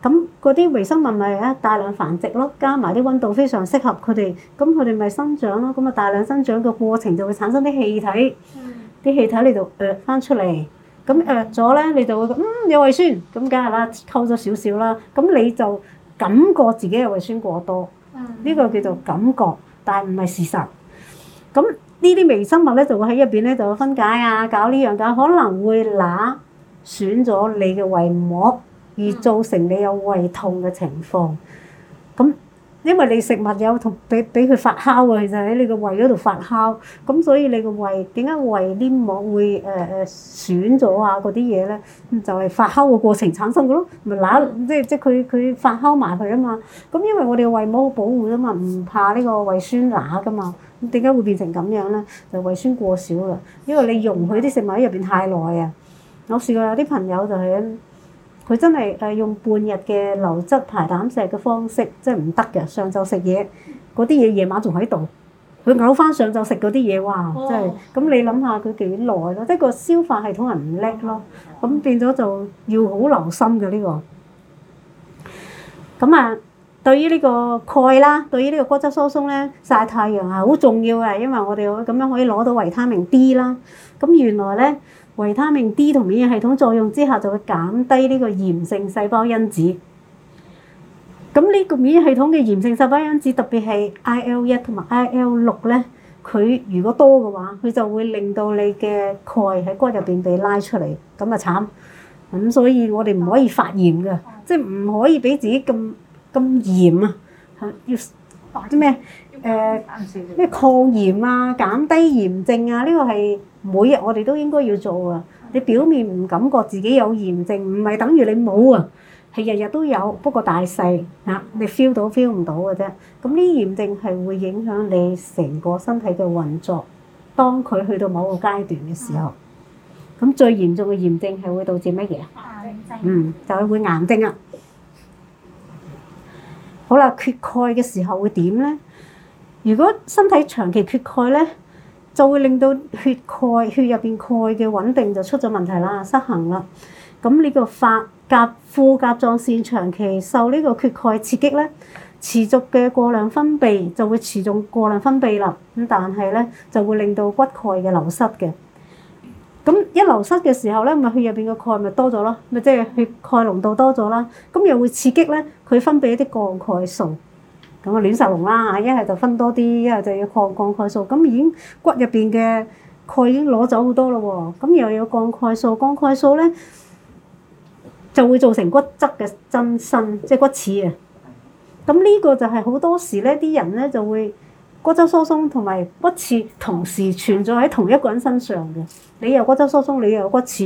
咁嗰啲微生物咪啊大量繁殖咯，加埋啲溫度非常適合佢哋，咁佢哋咪生長咯，咁啊大量生長嘅過程就會產生啲氣體，啲氣、嗯、體你度壓翻出嚟，咁壓咗咧你就會嗯有胃酸，咁梗係啦溝咗少少啦，咁你就感覺自己嘅胃酸過多，呢、嗯、個叫做感覺，但係唔係事實。咁呢啲微生物咧就會喺入邊咧就分解啊，搞呢樣搞，可能會攔損咗你嘅胃膜。而造成你有胃痛嘅情況，咁因為你食物有同俾俾佢發酵啊，其實喺你個胃嗰度發酵，咁、就是、所以你個胃點解胃黏膜會誒誒損咗啊？嗰啲嘢咧，就係、是、發酵嘅過程產生嘅咯，咪、呃、攬即即佢佢發酵埋佢啊嘛。咁因為我哋嘅胃膜好保護啊嘛，唔怕呢個胃酸攔、呃、噶嘛。咁點解會變成咁樣咧？就是、胃酸過少啦，因為你容許啲食物喺入邊太耐啊。我試過有啲朋友就係、是。佢真係誒用半日嘅流質排膽石嘅方式，即係唔得嘅。上晝食嘢嗰啲嘢，夜晚仲喺度，佢嘔翻上晝食嗰啲嘢，哇！真係咁你諗下佢幾耐咯，即係個消化系統係唔叻咯，咁變咗就要好留心嘅呢個。咁啊，對於呢個鈣啦，對於呢個骨質疏鬆咧，曬太陽係好重要嘅，因為我哋可以咁樣可以攞到維他命 D 啦。咁原來咧。維他命 D 同免疫系統作用之下，就會減低呢個炎性細胞因子。咁呢個免疫系統嘅炎性細胞因子，特別係 IL1 同埋 IL6 咧，佢如果多嘅話，佢就會令到你嘅鈣喺骨入邊被拉出嚟，咁啊，慘。咁所以我哋唔可以發炎嘅，即係唔可以俾自己咁咁炎啊，要。啲咩？誒咩、呃、抗炎啊，減低炎症啊，呢個係每日我哋都應該要做啊。你表面唔感覺自己有炎症，唔係等於你冇啊，係日日都有，不過大細啊，你 fe 到 feel 到 feel 唔到嘅啫。咁呢炎症係會影響你成個身體嘅運作。當佢去到某個階段嘅時候，咁最嚴重嘅炎症係會導致乜嘢？癌症，嗯，就係、會癌症啊。好啦，缺鈣嘅時候會點咧？如果身體長期缺鈣咧，就會令到血鈣、血入面鈣嘅穩定就出咗問題啦，失衡啦。咁呢個發甲副甲狀腺長期受呢個缺鈣刺激咧，持續嘅過量分泌就會持續過量分泌啦。咁但係咧就會令到骨鈣嘅流失嘅。咁一流失嘅時候咧，咪血入邊嘅鈣咪多咗咯，咪即係血鈣濃度多咗啦。咁又會刺激咧佢分泌一啲降鈣素，咁啊亂曬龍啦，一係就分多啲，要要看一係就要降降鈣素。咁已經骨入邊嘅鈣已經攞走好多啦喎，咁又有降鈣素，降鈣素咧就會造成骨質嘅增生，即係骨刺啊！咁呢個就係好多時咧啲人咧就會骨質疏鬆同埋骨刺同時存在喺同一個人身上嘅。你又骨質疏鬆，你又有骨刺，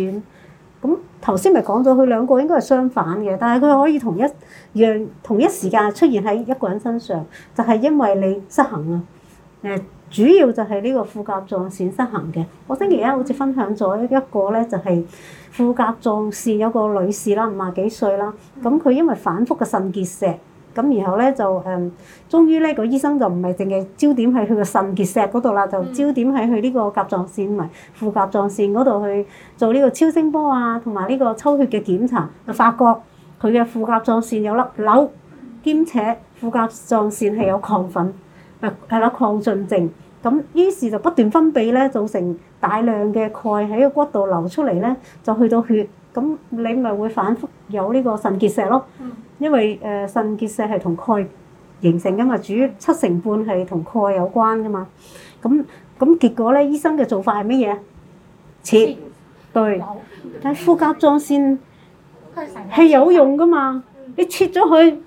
咁頭先咪講咗佢兩個應該係相反嘅，但係佢可以同一樣同一時間出現喺一個人身上，就係、是、因為你失衡啊！誒、呃，主要就係呢個副甲狀腺失衡嘅。我星期一好似分享咗一個咧，就係、是、副甲狀腺有個女士啦，五十幾歲啦，咁佢因為反覆嘅腎結石。咁然後咧就誒，終於咧個醫生就唔係淨係焦點喺佢個腎結石嗰度啦，就焦點喺佢呢個甲狀腺同埋副甲狀腺嗰度去做呢個超聲波啊，同埋呢個抽血嘅檢查，就發覺佢嘅副甲狀腺有粒瘤，兼且副甲狀腺係有亢奮，係係咯亢進症。咁於是就不斷分泌咧，造成大量嘅鈣喺個骨度流出嚟咧，就去到血，咁你咪會反覆有呢個腎結石咯。因為誒、呃、腎結石係同鈣形成㗎嘛，主要七成半係同鈣有關㗎嘛。咁、嗯、咁、嗯、結果咧，醫生嘅做法係乜嘢？切對睇副甲狀腺係有用㗎嘛？你切咗佢，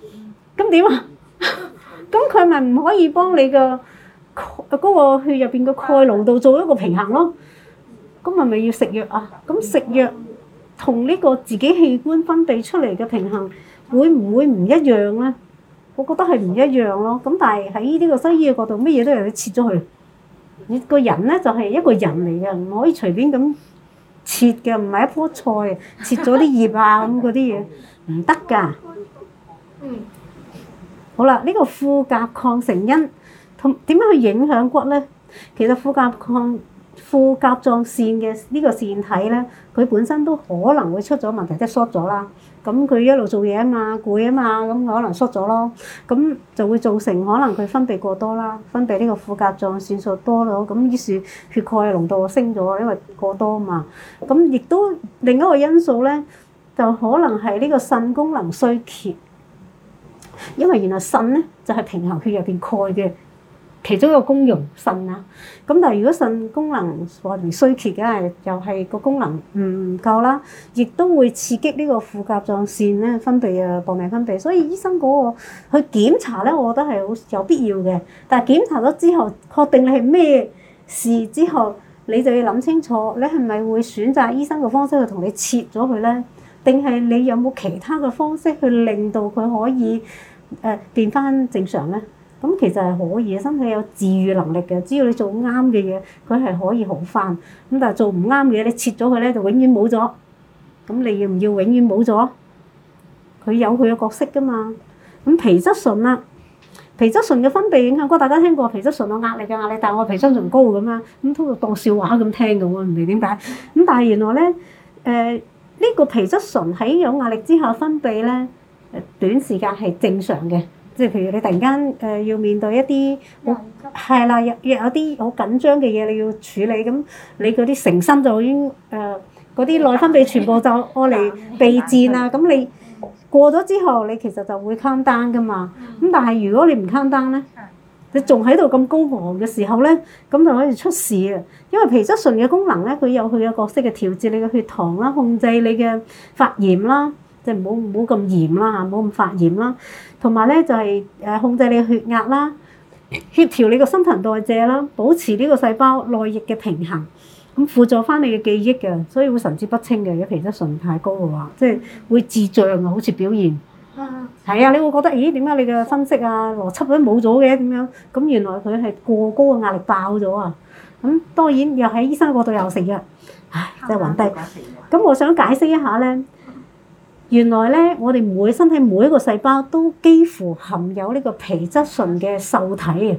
咁點啊？咁佢咪唔可以幫你個嗰、那個血入邊嘅鈣濃度做一個平衡咯？咁咪咪要食藥啊？咁食藥同呢個自己器官分泌出嚟嘅平衡？會唔會唔一樣咧？我覺得係唔一樣咯。咁但係喺呢個西醫嘅角度，乜嘢都係你切咗佢。你、這個人咧就係、是、一個人嚟嘅，唔可以隨便咁切嘅，唔係一樖菜，切咗啲葉啊咁嗰啲嘢唔得㗎。嗯。 好啦，呢、這個副甲亢成因同點樣去影響骨咧？其實副甲亢，副甲狀腺嘅呢個腺體咧，佢本身都可能會出咗問題，即係縮咗啦。咁佢一路做嘢啊嘛，攰啊嘛，咁可能縮咗咯，咁就會造成可能佢分泌過多啦，分泌呢個副甲狀腺素多咯，咁於是血鈣濃度升咗，因為過多啊嘛。咁亦都另一個因素咧，就可能係呢個腎功能衰竭，因為原來腎咧就係平衡血入邊鈣嘅。其中一個功用，腎啊，咁但係如果腎功能話唔衰竭嘅，又係個功能唔夠啦，亦都會刺激呢個副甲狀腺咧分泌啊，搏命分泌。所以醫生嗰、那個去檢查咧，我覺得係好有必要嘅。但係檢查咗之後，確定你係咩事之後，你就要諗清楚，你係咪會選擇醫生嘅方式去同你切咗佢咧？定係你有冇其他嘅方式去令到佢可以誒、呃、變翻正常咧？咁其實係可以，身體有治癒能力嘅。只要你做啱嘅嘢，佢係可以好返。咁但係做唔啱嘅嘢，你切咗佢咧，就永遠冇咗。咁你要唔要永遠冇咗？佢有佢嘅角色㗎嘛。咁皮質醇啦，皮質醇嘅分泌影響過，大家聽過皮質醇有壓力嘅壓力，但係我皮質醇高咁樣，咁通常當笑話咁聽嘅喎，唔明點解。咁但係原來咧，誒呢個皮質醇喺有壓力之下分泌咧，誒短時間係正常嘅。即係譬如你突然間誒、呃、要面對一啲好係啦，有有啲好緊張嘅嘢你要處理咁，那你嗰啲成身就已經誒嗰啲內分泌全部就攞嚟備戰啦。咁、嗯、你過咗之後，你其實就會 down 噶嘛。咁、嗯、但係如果你唔 down 咧，嗯、你仲喺度咁高昂嘅時候咧，咁就可以出事啊。因為皮質醇嘅功能咧，佢有佢嘅角色嘅，調節你嘅血糖啦，控制你嘅發炎啦，即係唔好唔好咁嚴啦吓，唔好咁發炎啦。同埋咧就係誒控制你嘅血壓啦，協調你個新陳代謝啦，保持呢個細胞內液嘅平衡，咁輔助翻你嘅記憶嘅，所以會神志不清嘅。如果皮質醇太高嘅話，即係會智障啊，好似表現。啊。係啊，你會覺得咦？點解你嘅分析啊、邏輯都冇咗嘅？點樣？咁原來佢係過高嘅壓力爆咗啊！咁當然又喺醫生嗰度又食藥，唉，真係暈低。咁我想解釋一下咧。原來咧，我哋每身體每一個細胞都幾乎含有呢個皮質醇嘅受體嘅，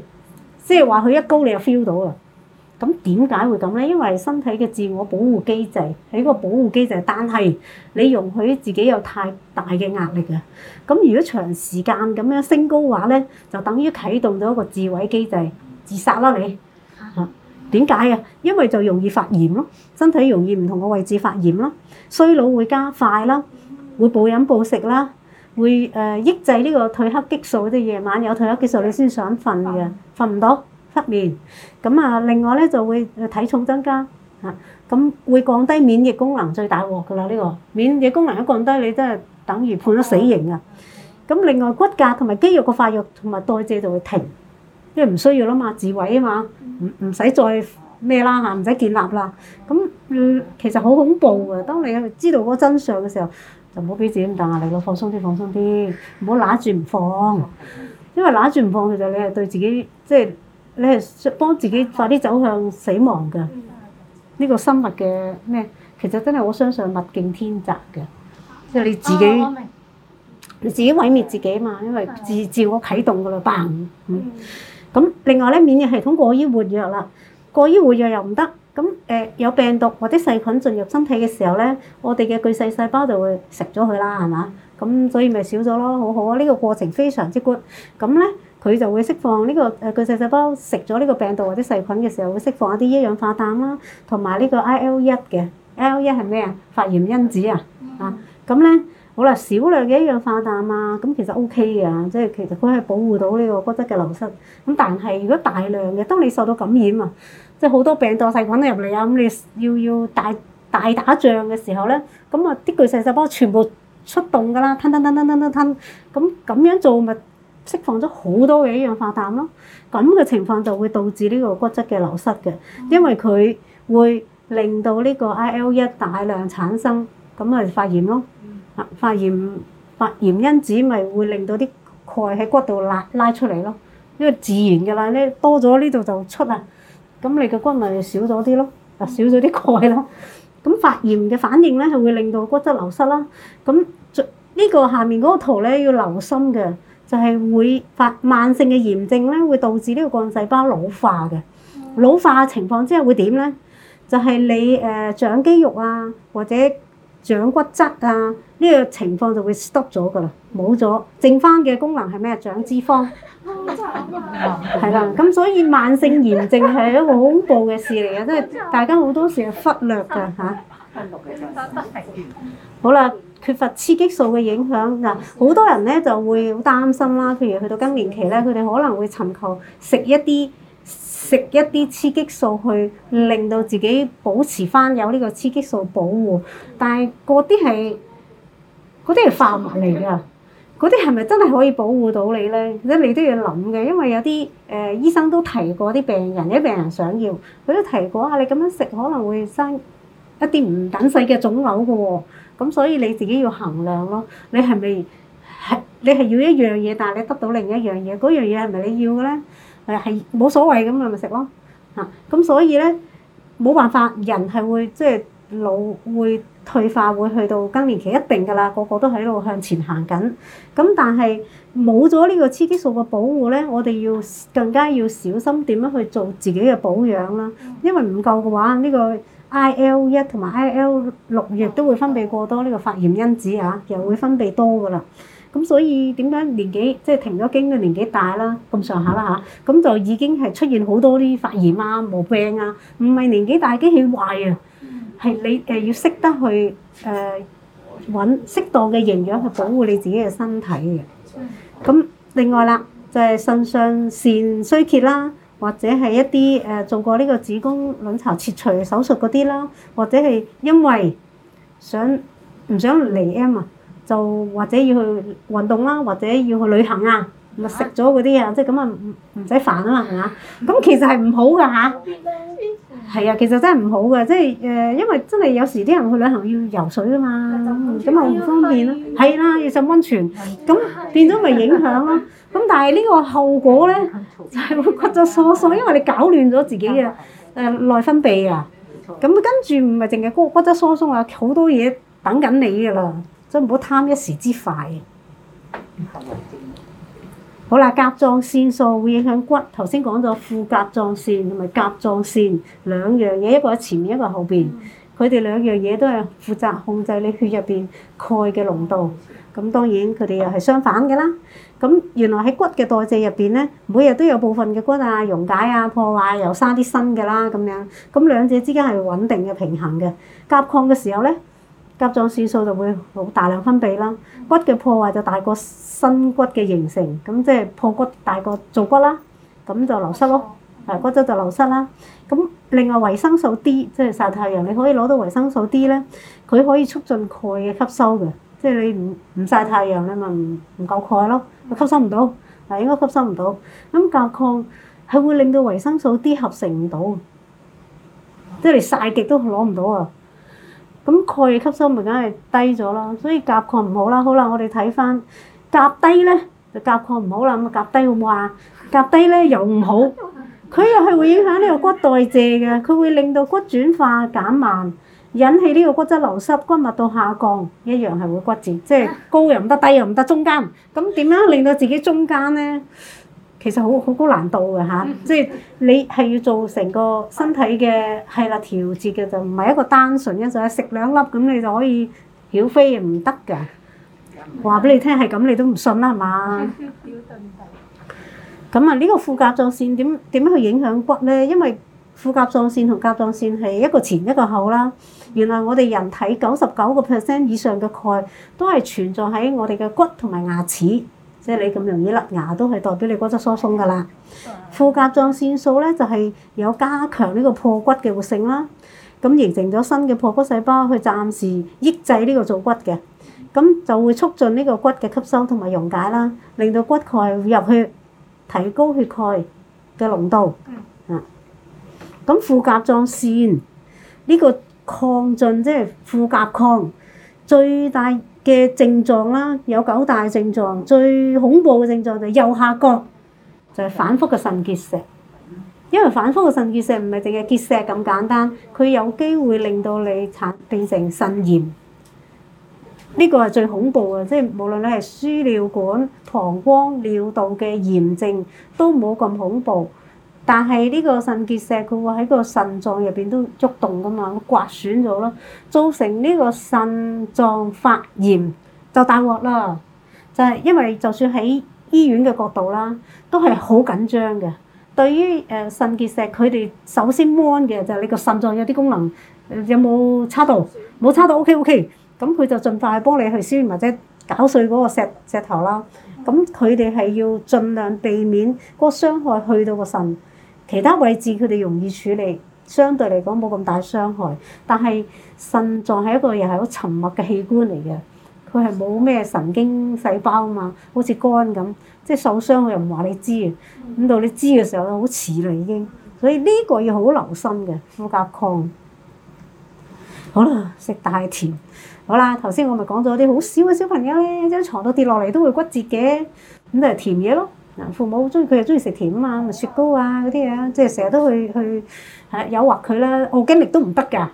即係話佢一高你就 feel 到啦。咁點解會咁咧？因為身體嘅自我保護機制喺個保護機制，但係你容許自己有太大嘅壓力嘅。咁如果長時間咁樣升高嘅話咧，就等於啟動咗一個自毀機制，自殺啦你。嚇點解啊？因為就容易發炎咯，身體容易唔同嘅位置發炎咯，衰老會加快啦。會暴飲暴食啦，會誒抑制呢個褪黑激素。啲夜晚有褪黑激素，你先想瞓嘅，瞓唔到，失眠。咁啊，另外咧就會體重增加嚇，咁會降低免疫功能，最大鑊噶啦，呢個免疫功能一降低，你真係等於判咗死刑啊！咁另外骨骼同埋肌肉嘅發育同埋代謝就會停，因為唔需要啦嘛，自毀啊嘛，唔唔使再咩啦嚇，唔使建立啦。咁其實好恐怖啊！當你知道個真相嘅時候。就唔好俾自己咁大壓力咯，放鬆啲，放鬆啲，唔好揦住唔放，因為揦住唔放其實你係對自己，即係你係幫自己快啲走向死亡嘅。呢個生物嘅咩，其實真係我相信物競天擇嘅，即係你自己，哦，你自己毀滅自己啊嘛，因為自的自我啟動嘅啦，嘣。咁、嗯、的另外呢，免疫系統過於活躍啦，過於活躍又唔得。咁誒有病毒或者細菌進入身體嘅時候咧，我哋嘅巨噬細胞就會食咗佢啦，係嘛？咁所以咪少咗咯，好好啊！呢個過程非常之 good。咁咧，佢就會釋放呢個誒巨噬細胞食咗呢個病毒或者細菌嘅時候會釋放一啲一氧化氮啦，同埋呢個 IL-1 嘅，IL-1 係咩啊？發炎因子啊！啊咁咧，好啦，少量嘅一氧化氮啊，咁其實 OK 嘅，即係其實佢係保護到呢個骨質嘅流失。咁但係如果大量嘅，當你受到感染啊～即係好多病毒細菌都入嚟啊！咁你要要大大打仗嘅時候咧，咁啊啲巨細胞全部出動㗎啦，吞吞吞吞吞吞吞吞，咁咁樣做咪釋放咗好多嘅一氧化氮咯。咁嘅情況就會導致呢個骨質嘅流失嘅，嗯、因為佢會令到呢個 IL-1 大量產生，咁咪發炎咯，啊發炎發炎因子咪會令到啲鈣喺骨度拉拉出嚟咯，因為自然嘅啦，咧多咗呢度就出啦。咁你嘅骨咪少咗啲咯，又少咗啲鈣咯。咁發炎嘅反應咧，就會令到骨質流失啦。咁呢個下面嗰個圖咧，要留心嘅，就係會發慢性嘅炎症咧，會導致呢個幹細胞老化嘅。老化嘅情況之下會點咧？就係你誒長肌肉啊，或者長骨質啊，呢個情況就會 stop 咗噶啦，冇咗，剩翻嘅功能係咩？長脂肪。係啦，咁 所以慢性炎症係一個恐怖嘅事嚟嘅，即係大家好多時係忽略噶吓。啊、 好啦，缺乏雌激素嘅影響嗱，好多人咧就會好擔心啦。譬如去到更年期咧，佢哋可能會尋求食一啲食一啲雌激素去令到自己保持翻有呢個雌激素保護，但係嗰啲係嗰啲係化學物嚟噶。嗰啲係咪真係可以保護到你咧？即你都要諗嘅，因為有啲誒、呃、醫生都提過啲病人，有啲病人想要佢都提過啊！你咁樣食可能會生一啲唔等細嘅腫瘤嘅喎，哦，咁所以你自己要衡量咯。你係咪係你係要一樣嘢，但係你得到另一樣嘢？嗰樣嘢係咪你要嘅咧？誒係冇所謂咁，咪咪食咯。嚇、啊、咁所以咧冇辦法，人係會即係老會。退化會去到更年期一定噶啦，個個都喺度向前行緊。咁但係冇咗呢個雌激素嘅保護咧，我哋要更加要小心點樣去做自己嘅保養啦。因為唔夠嘅話，呢、這個 IL 一同埋 IL 六亦都會分泌過多呢、這個發炎因子啊，又會分泌多噶啦。咁所以點解年紀即係、就是、停咗經嘅年紀大啦，咁上下啦吓，咁就已經係出現好多啲發炎啊、毛病啊，唔係年紀大機器壞啊。係你，誒要識得去誒搵適當嘅營養去保護你自己嘅身體嘅。咁另外啦，就係腎上腺衰竭啦，或者係一啲誒做過呢個子宮卵巢切除手術嗰啲啦，或者係因為想唔想嚟 M 啊，就或者要去運動啦，或者要去旅行啊。咪食咗嗰啲啊，即係咁啊，唔唔使煩啊嘛，係嘛？咁其實係唔好噶嚇，係啊，其實真係唔好噶，即係誒，因為真係有時啲人去旅行要游水啊嘛，咁咁啊唔方便咯。係啦、嗯啊，要浸溫泉，咁、嗯嗯、變咗咪影響咯。咁、嗯、但係呢個後果咧，嗯、就係會骨質疏鬆，因為你搞亂咗自己嘅誒內分泌啊。咁跟住唔係淨係骨骨質疏鬆啊，好多嘢等緊你噶啦，真唔好貪一時之快。好啦，甲狀腺素會影響骨。頭先講咗副甲狀腺同埋甲狀腺兩樣嘢，一個喺前面，一個喺後邊。佢哋兩樣嘢都係負責控制你血入邊鈣嘅濃度。咁當然佢哋又係相反嘅啦。咁原來喺骨嘅代謝入邊咧，每日都有部分嘅骨啊溶解啊破壞，又生啲新嘅啦咁樣。咁兩者之間係穩定嘅平衡嘅。甲亢嘅時候咧，甲狀腺素就會好大量分泌啦，骨嘅破壞就大過新骨嘅形成，咁即係破骨大過造骨啦，咁就流失咯，啊骨質就流失啦。咁另外維生素 D，即係曬太陽，你可以攞到維生素 D 咧，佢可以促進鈣嘅吸收嘅，即係你唔唔曬太陽，你咪唔唔夠鈣咯，吸收唔到，啊應該吸收唔到。咁甲亢係會令到維生素 D 合成唔到，即係你曬極都攞唔到啊！咁鈣吸收咪梗係低咗咯，所以甲亢唔好啦。好啦，我哋睇翻甲低咧就甲亢唔好啦，咁甲低好唔好啊？甲低咧又唔好，佢又係會影響呢個骨代謝嘅，佢會令到骨轉化減慢，引起呢個骨質流失、骨密度下降，一樣係會骨折。即係高又唔得，低又唔得，中間咁點樣令到自己中間咧？其實好好高難度㗎吓，即係你係要做成個身體嘅係啦調節嘅就唔係一個單純一種，食兩粒咁你就可以曉飛唔得㗎。話俾你聽係咁，你都唔信啦係嘛？咁啊呢個副甲狀腺點點樣去影響骨咧？因為副甲狀腺同甲狀腺係一個前一個後啦。原來我哋人體九十九個 percent 以上嘅鈣都係存在喺我哋嘅骨同埋牙齒。即係你咁容易甩牙都係代表你骨質疏鬆㗎啦。副甲狀腺素咧就係有加強呢個破骨嘅活性啦，咁形成咗新嘅破骨細胞去暫時抑制呢個做骨嘅，咁就會促進呢個骨嘅吸收同埋溶解啦，令到骨鈣入血，提高血鈣嘅濃度。啊，咁副甲狀腺呢個抗進即係副甲抗，最大嘅症狀啦，有九大症狀，最恐怖嘅症狀就右下角就係反覆嘅腎結石，因為反覆嘅腎結石唔係淨係結石咁簡單，佢有機會令到你產變成腎炎，呢個係最恐怖嘅，即係無論你係輸尿管、膀胱、尿道嘅炎症都冇咁恐怖。但係呢個腎結石佢會喺個腎臟入邊都喐動噶嘛，刮損咗咯，造成呢個腎臟發炎就大鑊啦。就係、就是、因為就算喺醫院嘅角度啦，都係好緊張嘅。對於誒腎結石，佢哋首先 m 嘅就係你個腎臟有啲功能、呃、有冇差到？冇差到 OK OK，咁佢就盡快幫你去消滅或者搞碎嗰個石石頭啦。咁佢哋係要儘量避免個傷害去到個腎。其他位置佢哋容易處理，相對嚟講冇咁大傷害。但係腎臟係一個又係好沉默嘅器官嚟嘅，佢係冇咩神經細胞啊嘛，好似肝咁，即係受傷又唔話你知啊。咁到你知嘅時候咧，好遲啦已經。所以呢個要好留心嘅，副甲亢。好啦，食大甜。好啦，頭先我咪講咗啲好少嘅小朋友咧，一張床度跌落嚟都會骨折嘅，咁就係甜嘢咯。嗱，父母好中意佢又中意食甜啊，咪雪糕啊嗰啲嘢，即係成日都去去誒誘惑佢啦。organic 都唔得㗎，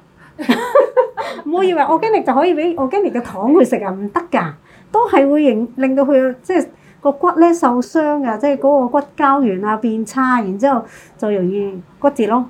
唔 好以為 organic 就可以俾 organic 嘅糖佢食啊，唔得㗎，都係會令到佢即係個骨咧受傷啊，即係嗰個骨膠原啊變差，然之後就容易骨折咯。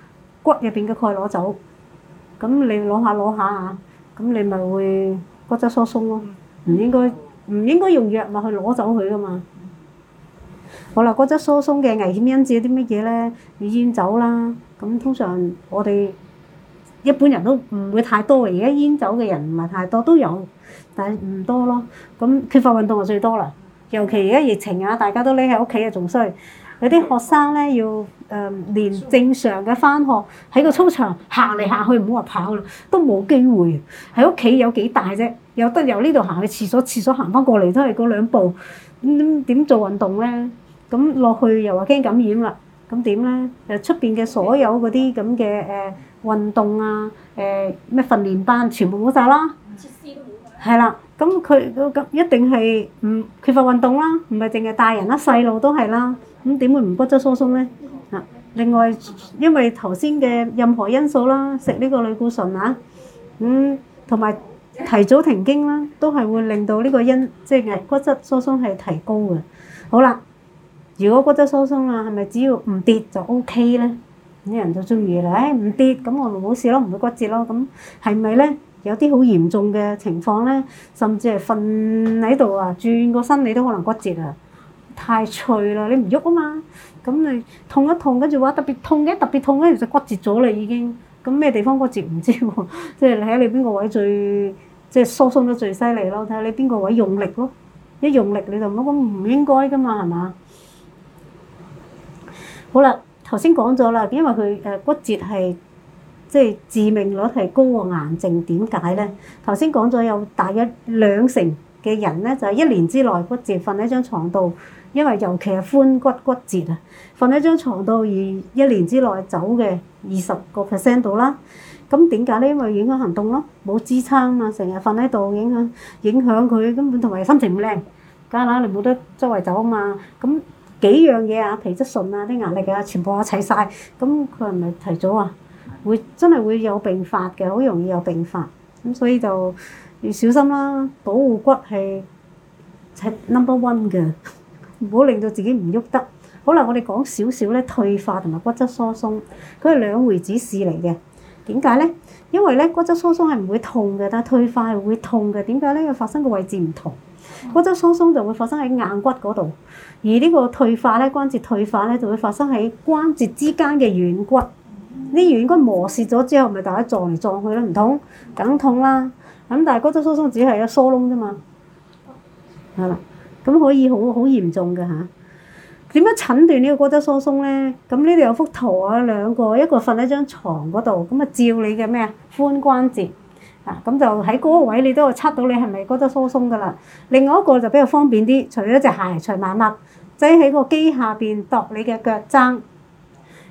骨入邊嘅鈣攞走，咁你攞下攞下嚇，咁你咪會骨質疏鬆咯。唔應該唔應該用藥物去攞走佢噶嘛。好啦，骨質疏鬆嘅危險因子有啲乜嘢咧？你煙酒啦，咁通常我哋一般人都唔會太多嘅。而家煙酒嘅人唔係太多，都有，但係唔多咯。咁缺乏運動就最多啦。尤其而家疫情啊，大家都匿喺屋企啊，仲衰。有啲學生咧要誒連正常嘅翻學喺個操場行嚟行去，唔好話跑啦，都冇機會。喺屋企有幾大啫？又得由呢度行去廁所，廁所行翻過嚟都係嗰兩步，點點做運動咧？咁落去又話驚感染啦，咁點咧？誒出邊嘅所有嗰啲咁嘅誒運動啊，誒咩訓練班全部冇晒啦，設施都冇啦，係啦，咁佢咁一定係唔缺乏運動啦，唔係淨係大人啦，細路都係啦。咁點會唔骨質疏鬆咧？啊，另外因為頭先嘅任何因素啦，食呢個類固醇嚇，咁同埋提早停經啦，都係會令到呢個因即係骨質疏鬆係提高嘅。好啦，如果骨質疏鬆啦，係咪只要唔跌就 OK 咧？啲人就中意啦，唉，唔跌咁我咪冇事咯，唔會骨折咯。咁係咪咧？有啲好嚴重嘅情況咧，甚至係瞓喺度啊，轉個身你都可能骨折啊！太脆啦！你唔喐啊嘛，咁你痛一痛，跟住話特別痛嘅，特別痛咧，其實骨折咗啦已經。咁咩地方骨折唔知喎，即係睇下你邊個位最即係疏鬆得最犀利咯，睇下你邊個位用力咯。一用力你就乜乜唔應該噶嘛，係嘛？好啦，頭先講咗啦，因為佢誒骨折係即係致命率係高過癌症，點解咧？頭先講咗有大約兩成嘅人咧，就係一年之內骨折瞓喺張牀度。因為尤其係髖骨骨折啊，瞓喺張床度，而一年之內走嘅二十個 percent 度啦。咁點解咧？因為影響行動咯，冇支撐啊嘛，成日瞓喺度影響影響佢根本同埋心情唔靚，梗係啦，你冇得周圍走啊嘛。咁幾樣嘢啊，皮質醇啊，啲壓力啊，全部一齊晒。咁佢係咪提早啊？會真係會有病發嘅，好容易有病發。咁所以就要小心啦，保護骨係係 number one 嘅。唔好令到自己唔喐得。好啦，我哋講少少咧退化同埋骨質疏鬆，佢係兩回事嚟嘅。點解咧？因為咧骨質疏鬆係唔會痛嘅，但係退化係會痛嘅。點解咧？佢發生嘅位置唔同。骨質疏鬆就會發生喺硬骨嗰度，而呢個退化咧關節退化咧就會發生喺關節之間嘅軟骨。呢軟骨磨蝕咗之後，咪大家撞嚟撞去咧，唔痛，梗痛啦。咁但係骨質疏鬆只係一疏窿啫嘛，係啦。咁可以好好嚴重嘅吓，點樣診斷呢個骨質疏鬆咧？咁呢度有幅圖啊，兩個，一個瞓喺張床嗰度，咁啊照你嘅咩啊，髖關節啊，咁就喺嗰個位你都測到你係咪骨質疏鬆噶啦。另外一個就比較方便啲，除咗隻鞋除埋襪，擠喺個機下邊度你嘅腳踭，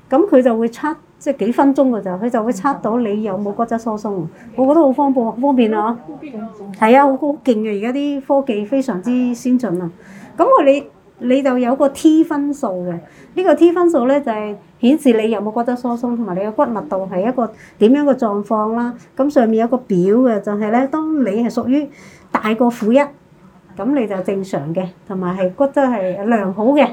咁佢就會測。即係幾分鐘㗎啫，佢就會測到你有冇骨質疏鬆。我覺得好方便啊，方便啊嚇！係、嗯、啊，好高勁嘅，而家啲科技非常之先進啊。咁佢你你就有個 T 分數嘅，呢、呢個 T 分數咧就係、係、顯示你有冇骨質疏鬆同埋你嘅骨密度係一個點樣嘅狀況啦。咁上面有個表嘅，就係咧，當你係屬於大過負一，咁你就正常嘅，同埋係骨質係良好嘅。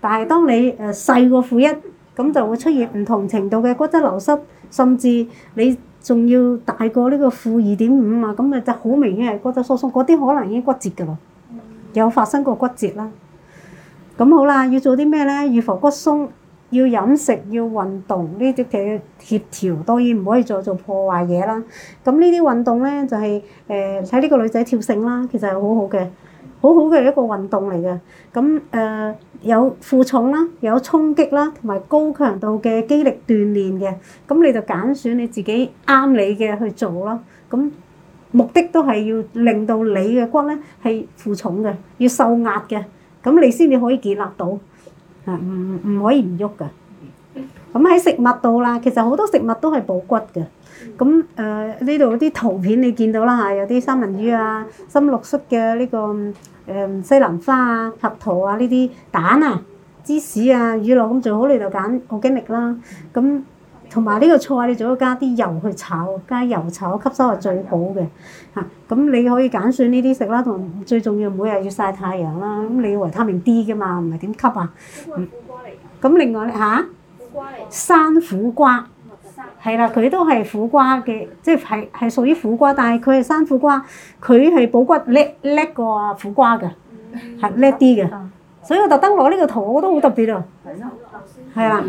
但係當你誒細過負一。咁就會出現唔同程度嘅骨質流失，甚至你仲要大過呢個負二點五嘛，咁啊就好明顯係骨質疏鬆，嗰啲可能已經骨折噶啦，有發生過骨折啦。咁好啦，要做啲咩咧？預防骨鬆要飲食要運動，呢啲嘅協調當然唔可以再做破壞嘢啦。咁呢啲運動咧就係誒睇呢個女仔跳繩啦，其實係好好嘅。好好嘅一個運動嚟嘅，咁誒有負重啦，有衝擊啦，同埋高強度嘅肌力鍛煉嘅，咁你就揀選你自己啱你嘅去做咯。咁目的都係要令到你嘅骨咧係負重嘅，要受壓嘅，咁你先至可以建立到嚇，唔唔可以唔喐㗎。咁喺食物度啦，其實好多食物都係補骨嘅。咁誒呢度啲圖片你見到啦嚇，有啲三文魚啊、深綠色嘅呢個。誒、嗯、西蘭花啊、核桃啊呢啲蛋啊、芝士啊、乳酪，咁最好你就揀好經歷啦。咁同埋呢個菜你仲要加啲油去炒，加油炒吸收係最好嘅嚇。咁、啊、你可以揀選呢啲食啦。同最重要每日要曬太陽啦。咁你要維他命 D 㗎嘛，唔係點吸啊？咁、嗯、另外嚇、啊，山苦瓜。係啦，佢都係苦瓜嘅，即係係係屬於苦瓜，但係佢係生苦瓜，佢係補骨叻叻過苦瓜嘅，係叻啲嘅，所以我特登攞呢個圖，我都好特別啊。係啦，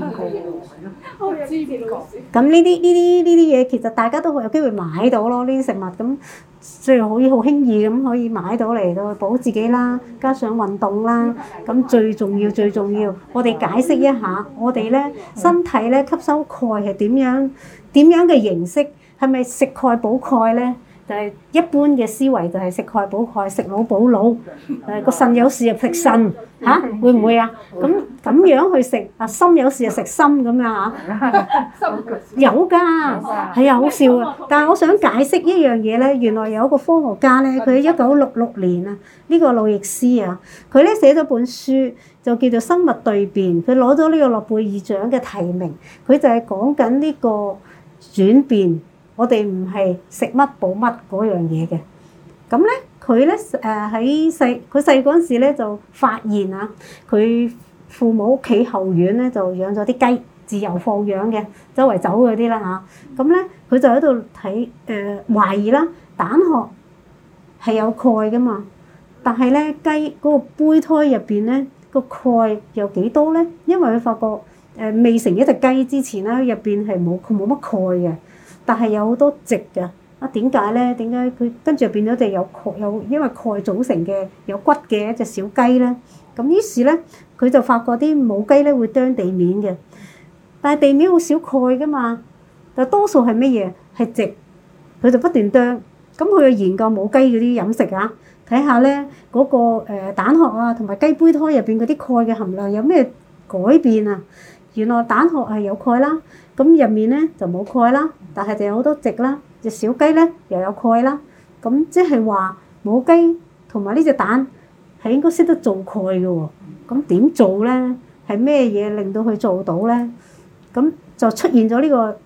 咁呢啲呢啲呢啲嘢其實大家都會有機會買到咯，呢啲食物咁，最好、以好輕易咁可以買到嚟到補自己啦，加上運動啦，咁最重要最重要，我哋解釋一下，我哋咧身體咧吸收鈣係點樣，點樣嘅形式，係咪食鈣補鈣咧？就係一般嘅思維，就係食鈣補鈣，食腦補腦。誒，個腎有事就食腎，嚇、 啊、會唔會啊？咁咁 樣去食啊，心有事就食心咁樣嚇。有㗎，係啊，好笑啊！ 但係我想解釋一樣嘢咧，原來有一個科學家咧，佢喺一九六六年啊，呢、這個路易斯啊，佢咧寫咗本書，就叫做《生物對變》，佢攞咗呢個諾貝爾獎嘅提名，佢就係講緊呢個轉變。我哋唔係食乜補乜嗰樣嘢嘅，咁咧佢咧誒喺細佢細嗰陣時咧就發現啊，佢父母屋企後院咧就養咗啲雞，自由放養嘅，周圍走嗰啲啦吓。咁咧佢就喺度睇誒懷疑啦，蛋殼係有鈣噶嘛，但係咧雞嗰個胚胎入邊咧個鈣有幾多咧？因為佢發覺誒未成一隻雞之前咧，入邊係冇冇乜鈣嘅。但係有好多植嘅，啊點解咧？點解佢跟住就變咗隻有鈣有，因為鈣組成嘅有骨嘅一隻小雞咧。咁於是咧，佢就發覺啲母雞咧會啄地面嘅，但係地面好少鈣噶嘛，但多數係咩嘢？係植，佢就不斷啄。咁佢就研究母雞嗰啲飲食啊，睇下咧嗰個誒蛋殼啊，同埋雞胚胎入邊嗰啲鈣嘅含量有咩改變啊？原來蛋殼係有鈣啦。咁入面咧就冇鈣啦，但係就有好多植啦，隻小雞咧又有鈣啦。咁即係話母雞同埋呢隻蛋係應該識得做鈣嘅喎。咁點做咧？係咩嘢令到佢做到咧？咁就出現咗呢個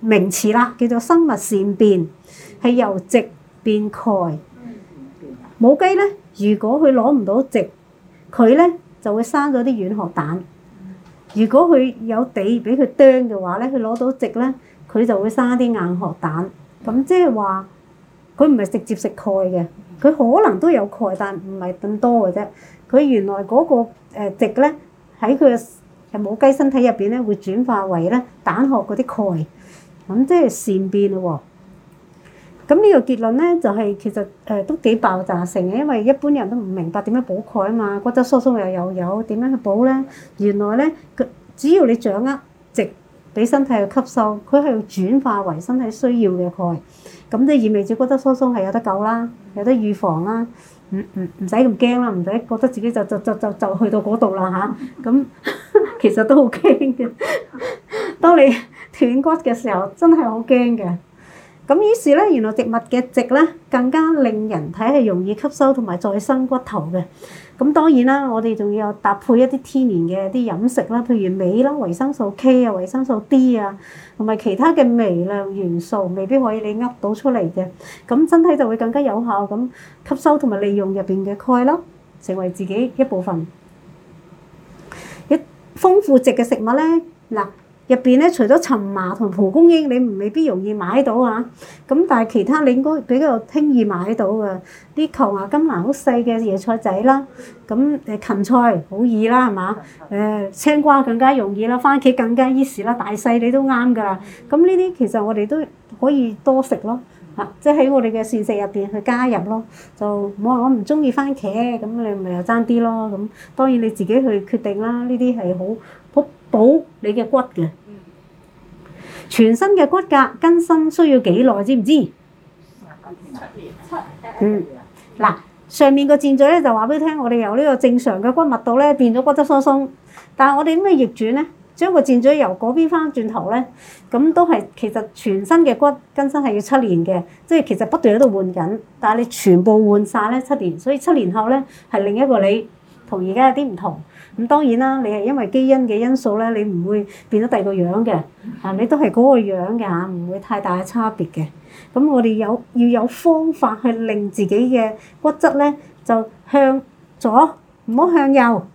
名詞啦，叫做生物善變，係由植變鈣。母雞咧，如果佢攞唔到植，佢咧就會生咗啲軟殼蛋。如果佢有地俾佢啄嘅話咧，佢攞到植咧，佢就會生啲硬殼蛋。咁即係話，佢唔係直接食鈣嘅，佢可能都有鈣，但唔係咁多嘅啫。佢原來嗰個誒植咧，喺佢嘅母雞身體入邊咧，會轉化為咧蛋殼嗰啲鈣。咁即係善變咯喎、哦。咁呢個結論咧，就係、是、其實誒、呃、都幾爆炸性嘅，因為一般人都唔明白點樣補鈣啊嘛，骨質疏鬆又又有點樣去補咧。原來咧，只要你掌握直俾身體去吸收，佢係要轉化為身體需要嘅鈣。咁就意味住骨質疏鬆係有得救啦，有得預防啦。嗯嗯，唔使咁驚啦，唔使覺得自己就就就就就去到嗰度啦嚇。咁、啊、 其實都好驚嘅， 當你斷骨嘅時候，真係好驚嘅。咁於是咧，原來植物嘅植咧更加令人體係容易吸收同埋再生骨頭嘅。咁當然啦，我哋仲要有搭配一啲天然嘅啲飲食啦，譬如鎂啦、維生素 K 啊、維生素 D 啊，同埋其他嘅微量元素，未必可以你噏到出嚟嘅。咁身體就會更加有效咁吸收同埋利用入邊嘅鈣咯，成為自己一部分。一豐富植嘅食物咧，嗱。入邊咧，面除咗沉麻同蒲公英，你唔未必容易買到啊。咁但係其他你應該比較輕易買到嘅，啲球芽甘藍好細嘅椰菜仔啦。咁誒芹菜好易啦，係嘛？誒、呃、青瓜更加容易啦，番茄更加易事啦，大細你都啱㗎啦。咁呢啲其實我哋都可以多食咯，嚇、啊，即係喺我哋嘅膳食入邊去加入咯。就冇話我唔中意番茄，咁你咪又爭啲咯。咁當然你自己去決定啦。呢啲係好。好補你嘅骨嘅，全身嘅骨骼更新需要幾耐？知唔知七？七年七年。嗯。嗱，上面個箭嘴咧就話俾你聽，我哋由呢個正常嘅骨密度咧變咗骨質疏鬆，但係我哋咁嘅逆轉咧，將個箭嘴由嗰邊翻轉頭咧，咁都係其實全身嘅骨更新係要七年嘅，即係其實不斷喺度換緊，但係你全部換晒咧七年，所以七年後咧係另一個你同而家有啲唔同。咁當然啦，你係因為基因嘅因素咧，你唔會變咗第二個樣嘅，啊，你都係嗰個樣嘅嚇，唔會太大嘅差別嘅。咁我哋有要有方法去令自己嘅骨質咧，就向左，唔好向右，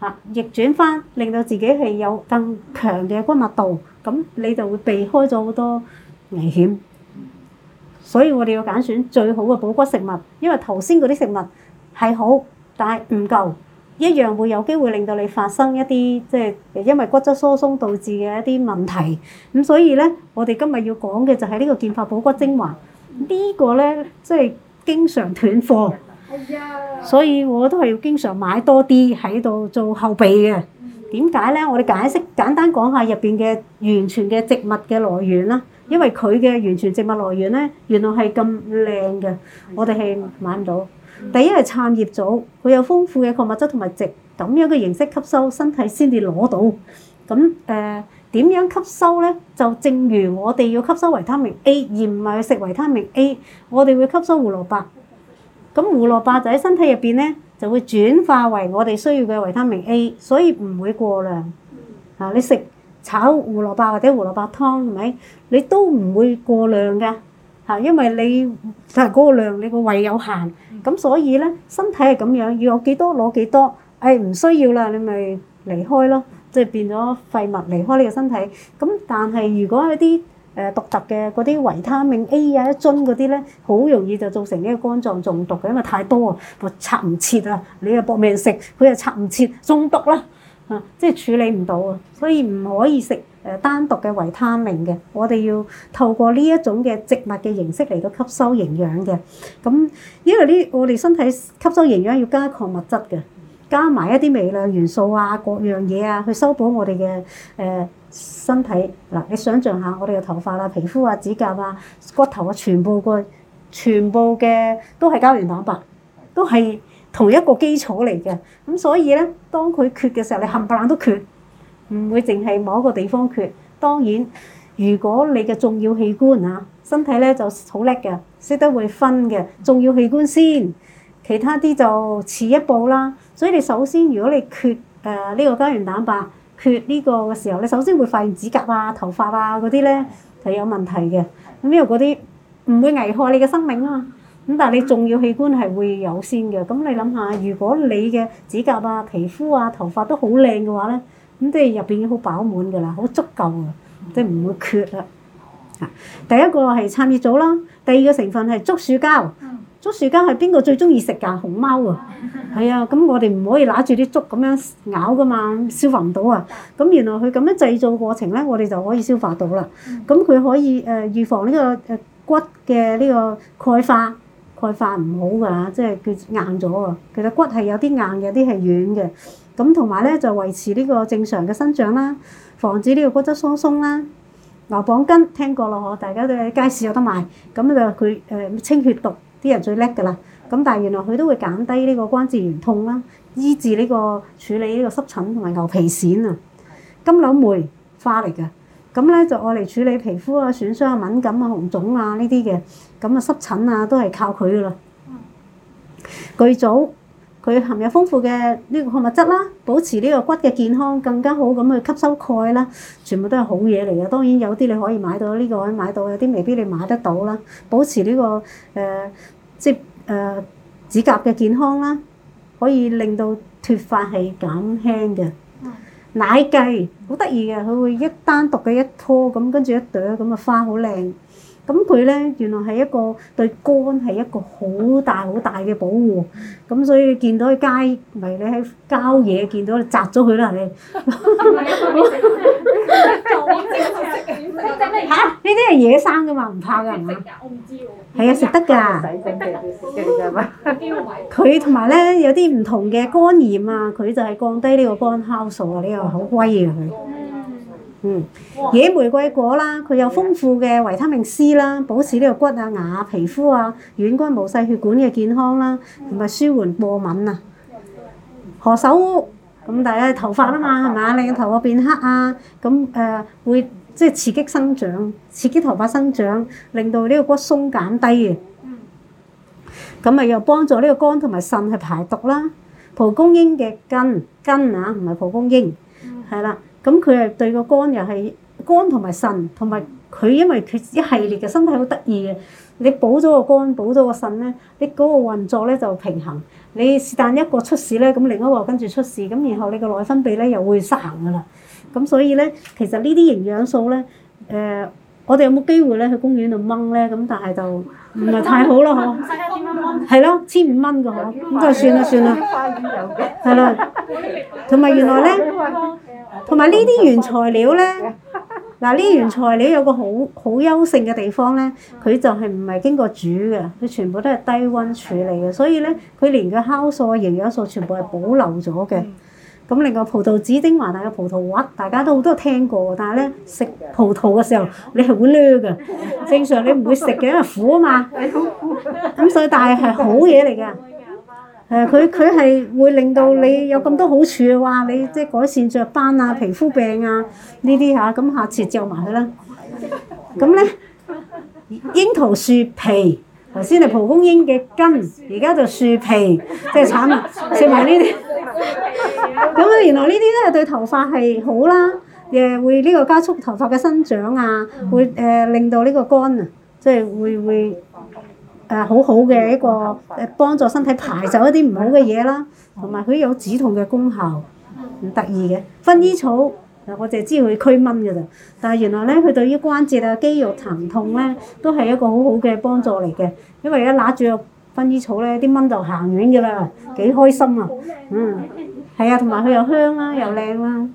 啊，逆轉返，令到自己係有更強嘅骨密度，咁你就會避開咗好多危險。所以我哋要揀選最好嘅補骨食物，因為頭先嗰啲食物係好，但係唔夠。一樣會有機會令到你發生一啲即係因為骨質疏鬆導致嘅一啲問題，咁所以呢，我哋今日要講嘅就係呢個健發補骨精華，呢個呢即係經常斷貨，所以我都係要經常買多啲喺度做後備嘅。點解呢？我哋解釋簡單講下入邊嘅完全嘅植物嘅來源啦，因為佢嘅完全植物來源呢，原來係咁靚嘅，我哋係買唔到。第一係撐葉藻，佢有豐富嘅礦物質同埋植咁樣嘅形式吸收，身體先至攞到。咁誒點樣吸收咧？就正如我哋要吸收維他命 A，而唔係食維他命 A，我哋會吸收胡蘿蔔。咁胡蘿蔔就喺身體入邊咧，就會轉化為我哋需要嘅維他命 A，所以唔會過量。啊，你食炒胡蘿蔔或者胡蘿蔔湯，係咪？你都唔會過量㗎。嚇，因為你就係嗰個量，你個胃有限，咁所以咧身體係咁樣，要有幾多攞幾多，誒唔需要啦，你咪離開咯，即係變咗廢物離開你個身體。咁但係如果一啲誒獨特嘅嗰啲維他命 A 啊一樽嗰啲咧，好容易就造成呢個肝臟中毒嘅，因為太多啊，搏拆唔切啊，你又搏命食，佢又拆唔切，中毒啦，啊即係處理唔到啊，所以唔可以食。誒單獨嘅維他命嘅，我哋要透過呢一種嘅植物嘅形式嚟到吸收營養嘅。咁因為呢，我哋身體吸收營養要加礦物質嘅，加埋一啲微量元素啊，各樣嘢啊，去修補我哋嘅誒身體。嗱、呃，你想象下，我哋嘅頭髮啊、皮膚啊、指甲啊、骨頭啊，全部個全部嘅都係膠原蛋白，都係同一個基礎嚟嘅。咁所以咧，當佢缺嘅時候，你冚唪唥都缺。唔會淨係某一個地方缺，當然如果你嘅重要器官啊，身體咧就好叻嘅，識得會分嘅重要器官先，其他啲就遲一步啦。所以你首先，如果你缺誒呢個膠原蛋白，缺呢個嘅時候，你首先會發現指甲啊、頭髮啊嗰啲咧就有問題嘅。咁因為嗰啲唔會危害你嘅生命啊。咁但係你重要器官係會有先嘅。咁你諗下，如果你嘅指甲啊、皮膚啊、頭髮都好靚嘅話咧？咁即係入面已經好飽滿嘅啦，好足夠啊，即係唔會缺啦。啊，第一個係參葉藻啦，第二個成分係竹樹膠。嗯、竹樹膠係邊個最中意食㗎？熊貓啊，係、嗯、啊。咁我哋唔可以拿住啲竹咁樣咬噶嘛，消化唔到啊。咁原來佢咁樣製造過程咧，我哋就可以消化到啦。咁佢、嗯、可以誒、呃、預防呢個誒骨嘅呢個鈣化，鈣化唔好㗎，即係佢硬咗啊。其實骨係有啲硬嘅，有啲係軟嘅。.咁同埋咧，就維持呢個正常嘅生長啦，防止呢個骨質疏鬆啦。牛蒡根聽過咯嗬，大家都喺街市有得賣。咁咧就佢誒清血毒，啲人最叻噶啦。咁但係原來佢都會減低呢個關節炎痛啦，醫治呢個處理呢個濕疹同埋牛皮癬啊。金柳梅花嚟嘅，咁咧就愛嚟處理皮膚啊損傷啊敏感啊紅腫啊呢啲嘅。咁啊濕疹啊都係靠佢噶啦。巨藻。佢含有豐富嘅呢個礦物質啦，保持呢個骨嘅健康更加好咁去吸收鈣啦，全部都係好嘢嚟嘅。當然有啲你可以買到呢個，可以買到有啲未必你買得到啦。保持呢個誒、呃，即係誒、呃、指甲嘅健康啦，可以令到脱髮係減輕嘅。奶計好得意嘅，佢會一單獨嘅一樖咁，跟住一朵咁嘅花好靚。咁佢咧原來係一個對肝係一個好大好大嘅保護，咁所以見到街咪你喺郊野見到，你摘咗佢啦，你？嚇！呢啲係野生噶嘛，唔怕噶係嘛？我唔知喎。係啊，食得㗎。佢同埋咧有啲唔同嘅肝炎啊，佢就係降低呢個肝酵素啊，呢個好威呀佢。嗯，野玫瑰果啦，佢有豐富嘅維他命 C 啦，保持呢個骨啊、牙啊、皮膚啊、軟骨、毛細血管嘅健康啦，同埋舒緩過敏啊。何首烏咁，大家頭髮啊嘛，係咪啊？令頭髮變黑啊，咁誒、呃、會即係、就是、刺激生長，刺激頭髮生長，令到呢個骨鬆減低嘅。咁咪又幫助呢個肝同埋腎去排毒啦。蒲公英嘅根根啊，唔係蒲公英，係啦、嗯。咁佢係對個肝又係肝同埋腎同埋佢，因為佢一系列嘅身體好得意嘅。你補咗個肝，補咗個腎咧，你嗰個運作咧就平衡。你是但一個出事咧，咁另一個跟住出事，咁然後你個內分泌咧又會失衡噶啦。咁所以咧，其實呢啲營養素咧，誒，我哋有冇機會咧去公園度掹咧？咁但係就唔係太好囉，嗬。唔使一點蚊掹，係咯，千五蚊噶嗬。咁就算啦，算啦。花魚有嘅。係啦。同埋原來咧。同埋呢啲原材料咧，嗱呢原材料有個好好優勝嘅地方咧，佢就係唔係經過煮嘅，佢全部都係低溫處理嘅，所以咧佢連個酵素、營養素全部係保留咗嘅。咁另外葡萄籽丁華大嘅葡萄核，大家都好多聽過，但係咧食葡萄嘅時候你係會叻㗎，正常你唔會食嘅，因為苦啊嘛。咁 所以但係係好嘢嚟嘅。誒佢佢係會令到你有咁多好處嘅話，你即係改善雀斑啊、皮膚病啊呢啲嚇，咁、啊、下次照埋佢啦。咁咧， 櫻桃樹皮頭先係蒲公英嘅根，而家就樹皮，即係慘啦，食埋呢啲。咁啊，原來呢啲都係對頭髮係好啦，誒會呢個加速頭髮嘅生長啊，會誒、呃、令到呢個肝啊，即係會會。會誒好好嘅一個誒幫助身體排走一啲唔好嘅嘢啦，同埋佢有止痛嘅功效，唔得意嘅薰衣草，我淨係知佢驅蚊嘅咋，但係原來咧佢對於關節啊，肌肉疼痛咧都係一個好好嘅幫助嚟嘅，因為一拿住個薰衣草咧，啲蚊就行遠嘅啦，幾開心啊，嗯，係啊，同埋佢又香啦、啊，又靚啦、啊。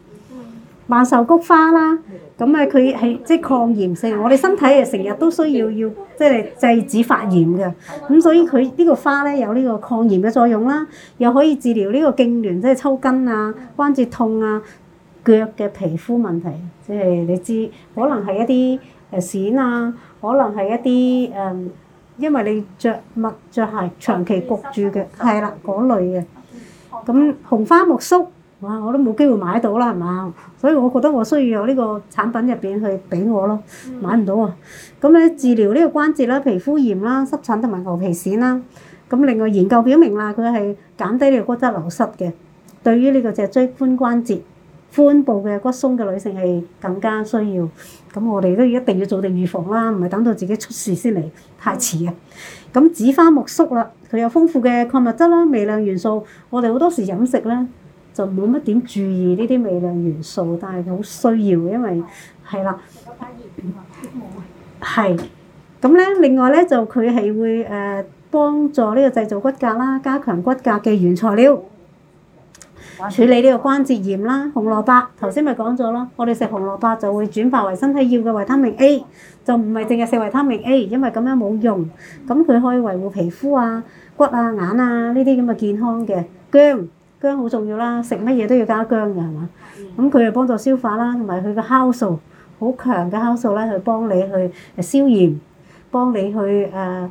萬壽菊花啦，咁啊佢係即係抗炎性，我哋身體啊成日都需要要即係制止發炎嘅，咁所以佢呢個花咧有呢個抗炎嘅作用啦，又可以治療呢個痙攣，即係抽筋啊、關節痛啊、腳嘅皮膚問題，即係你知，可能係一啲誒癬啊，可能係一啲誒、嗯，因為你着襪着鞋長期焗住嘅。係啦嗰類嘅，咁紅花木蓿。哇！我都冇機會買到啦，係嘛？所以我覺得我需要有呢個產品入邊去俾我咯，買唔到啊！咁、嗯、你治療呢個關節啦、皮膚炎啦、濕疹同埋牛皮癬啦。咁另外研究表明啦，佢係減低呢個骨質流失嘅。對於呢個脊椎寬關節、寬部嘅骨鬆嘅女性係更加需要。咁我哋都一定要做定預防啦，唔係等到自己出事先嚟，太遲啊。咁紫花苜蓿啦，佢有豐富嘅礦物質啦、微量元素，我哋好多時飲食咧。就冇乜點注意呢啲微量元素，但係好需要，因為係啦，係咁咧。另外咧，就佢係會誒幫助呢個製造骨骼啦，加強骨骼嘅原材料，處理呢個關節炎啦。紅蘿蔔頭先咪講咗咯，我哋食紅蘿蔔就會轉化為身體要嘅維他命 A，就唔係淨係食維他命 A，因為咁樣冇用。咁佢可以維護皮膚啊、骨啊、眼啊呢啲咁嘅健康嘅薑。薑好重要啦，食乜嘢都要加薑嘅，係嘛？咁佢係幫助消化啦，同埋佢嘅酵素好強嘅酵素咧，去幫你去消炎，幫你去誒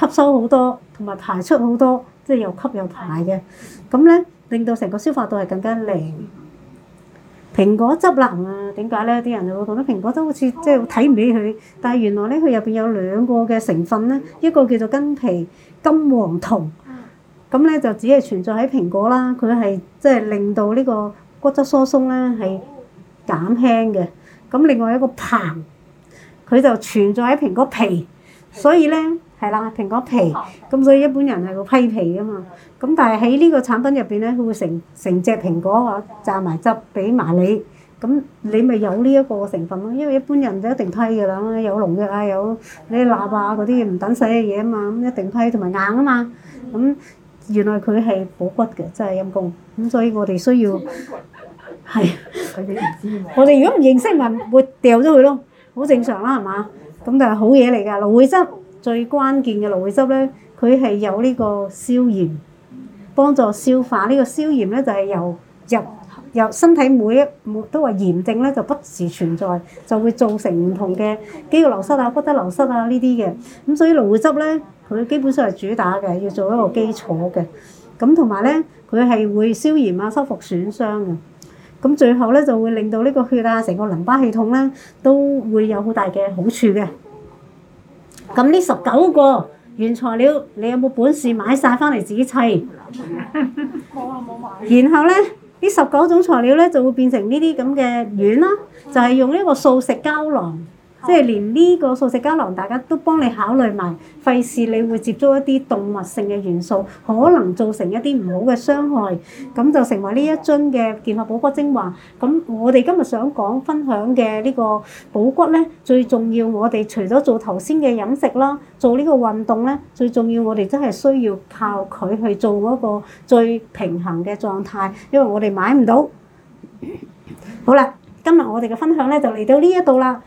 吸收好多，同埋排出好多，即係又吸又排嘅。咁咧令到成個消化道係更加靈。蘋果汁啦，點解咧？啲人就會覺得蘋果汁好似即係睇唔起佢，但係原來咧佢入邊有兩個嘅成分咧，一個叫做根皮金黃酮。咁咧就只係存在喺蘋果啦，佢係即係令到呢個骨質疏鬆咧係減輕嘅。咁另外一個硼，佢就存在喺蘋果皮，所以咧係啦，蘋果皮咁，所以一般人係會批皮噶嘛。咁但係喺呢個產品入邊咧，佢會成成隻蘋果啊，榨埋汁俾埋你，咁你咪有呢一個成分咯。因為一般人就一定批噶啦，有農藥啊，有你蠟啊嗰啲唔等使嘅嘢啊嘛，咁一定批同埋硬啊嘛，咁。原來佢係補骨嘅，真係陰功。咁所以我哋需要係。佢哋唔知。我哋如果唔認識咪會掉咗佢咯，好正常啦，係嘛？咁就係好嘢嚟㗎，蘆薈汁最關鍵嘅蘆薈汁咧，佢係有呢個消炎，幫助消化呢。呢個消炎咧就係、是、由入。又身體每一個都話炎症咧就不時存在，就會造成唔同嘅肌肉流失啊、骨質流失啊呢啲嘅。咁所以蘆薈汁咧，佢基本上係主打嘅，要做一個基礎嘅。咁同埋咧，佢係會消炎啊、修復損傷嘅。咁最後咧就會令到呢個血啊、成個淋巴系統咧都會有好大嘅好處嘅。咁呢十九個原材料，你有冇本事買曬翻嚟自己砌？我啊冇買。然後咧？呢十九種材料咧就會變成呢啲咁嘅丸啦，就係用呢個素食膠囊。即係連呢個素食膠囊，大家都幫你考慮埋，費事你會接觸一啲動物性嘅元素，可能造成一啲唔好嘅傷害，咁就成為呢一樽嘅健康保骨精華。咁我哋今日想講分享嘅呢個保骨咧，最重要我哋除咗做頭先嘅飲食啦，做呢個運動咧，最重要我哋真係需要靠佢去做嗰個最平衡嘅狀態，因為我哋買唔到。好啦，今日我哋嘅分享咧就嚟到呢一度啦。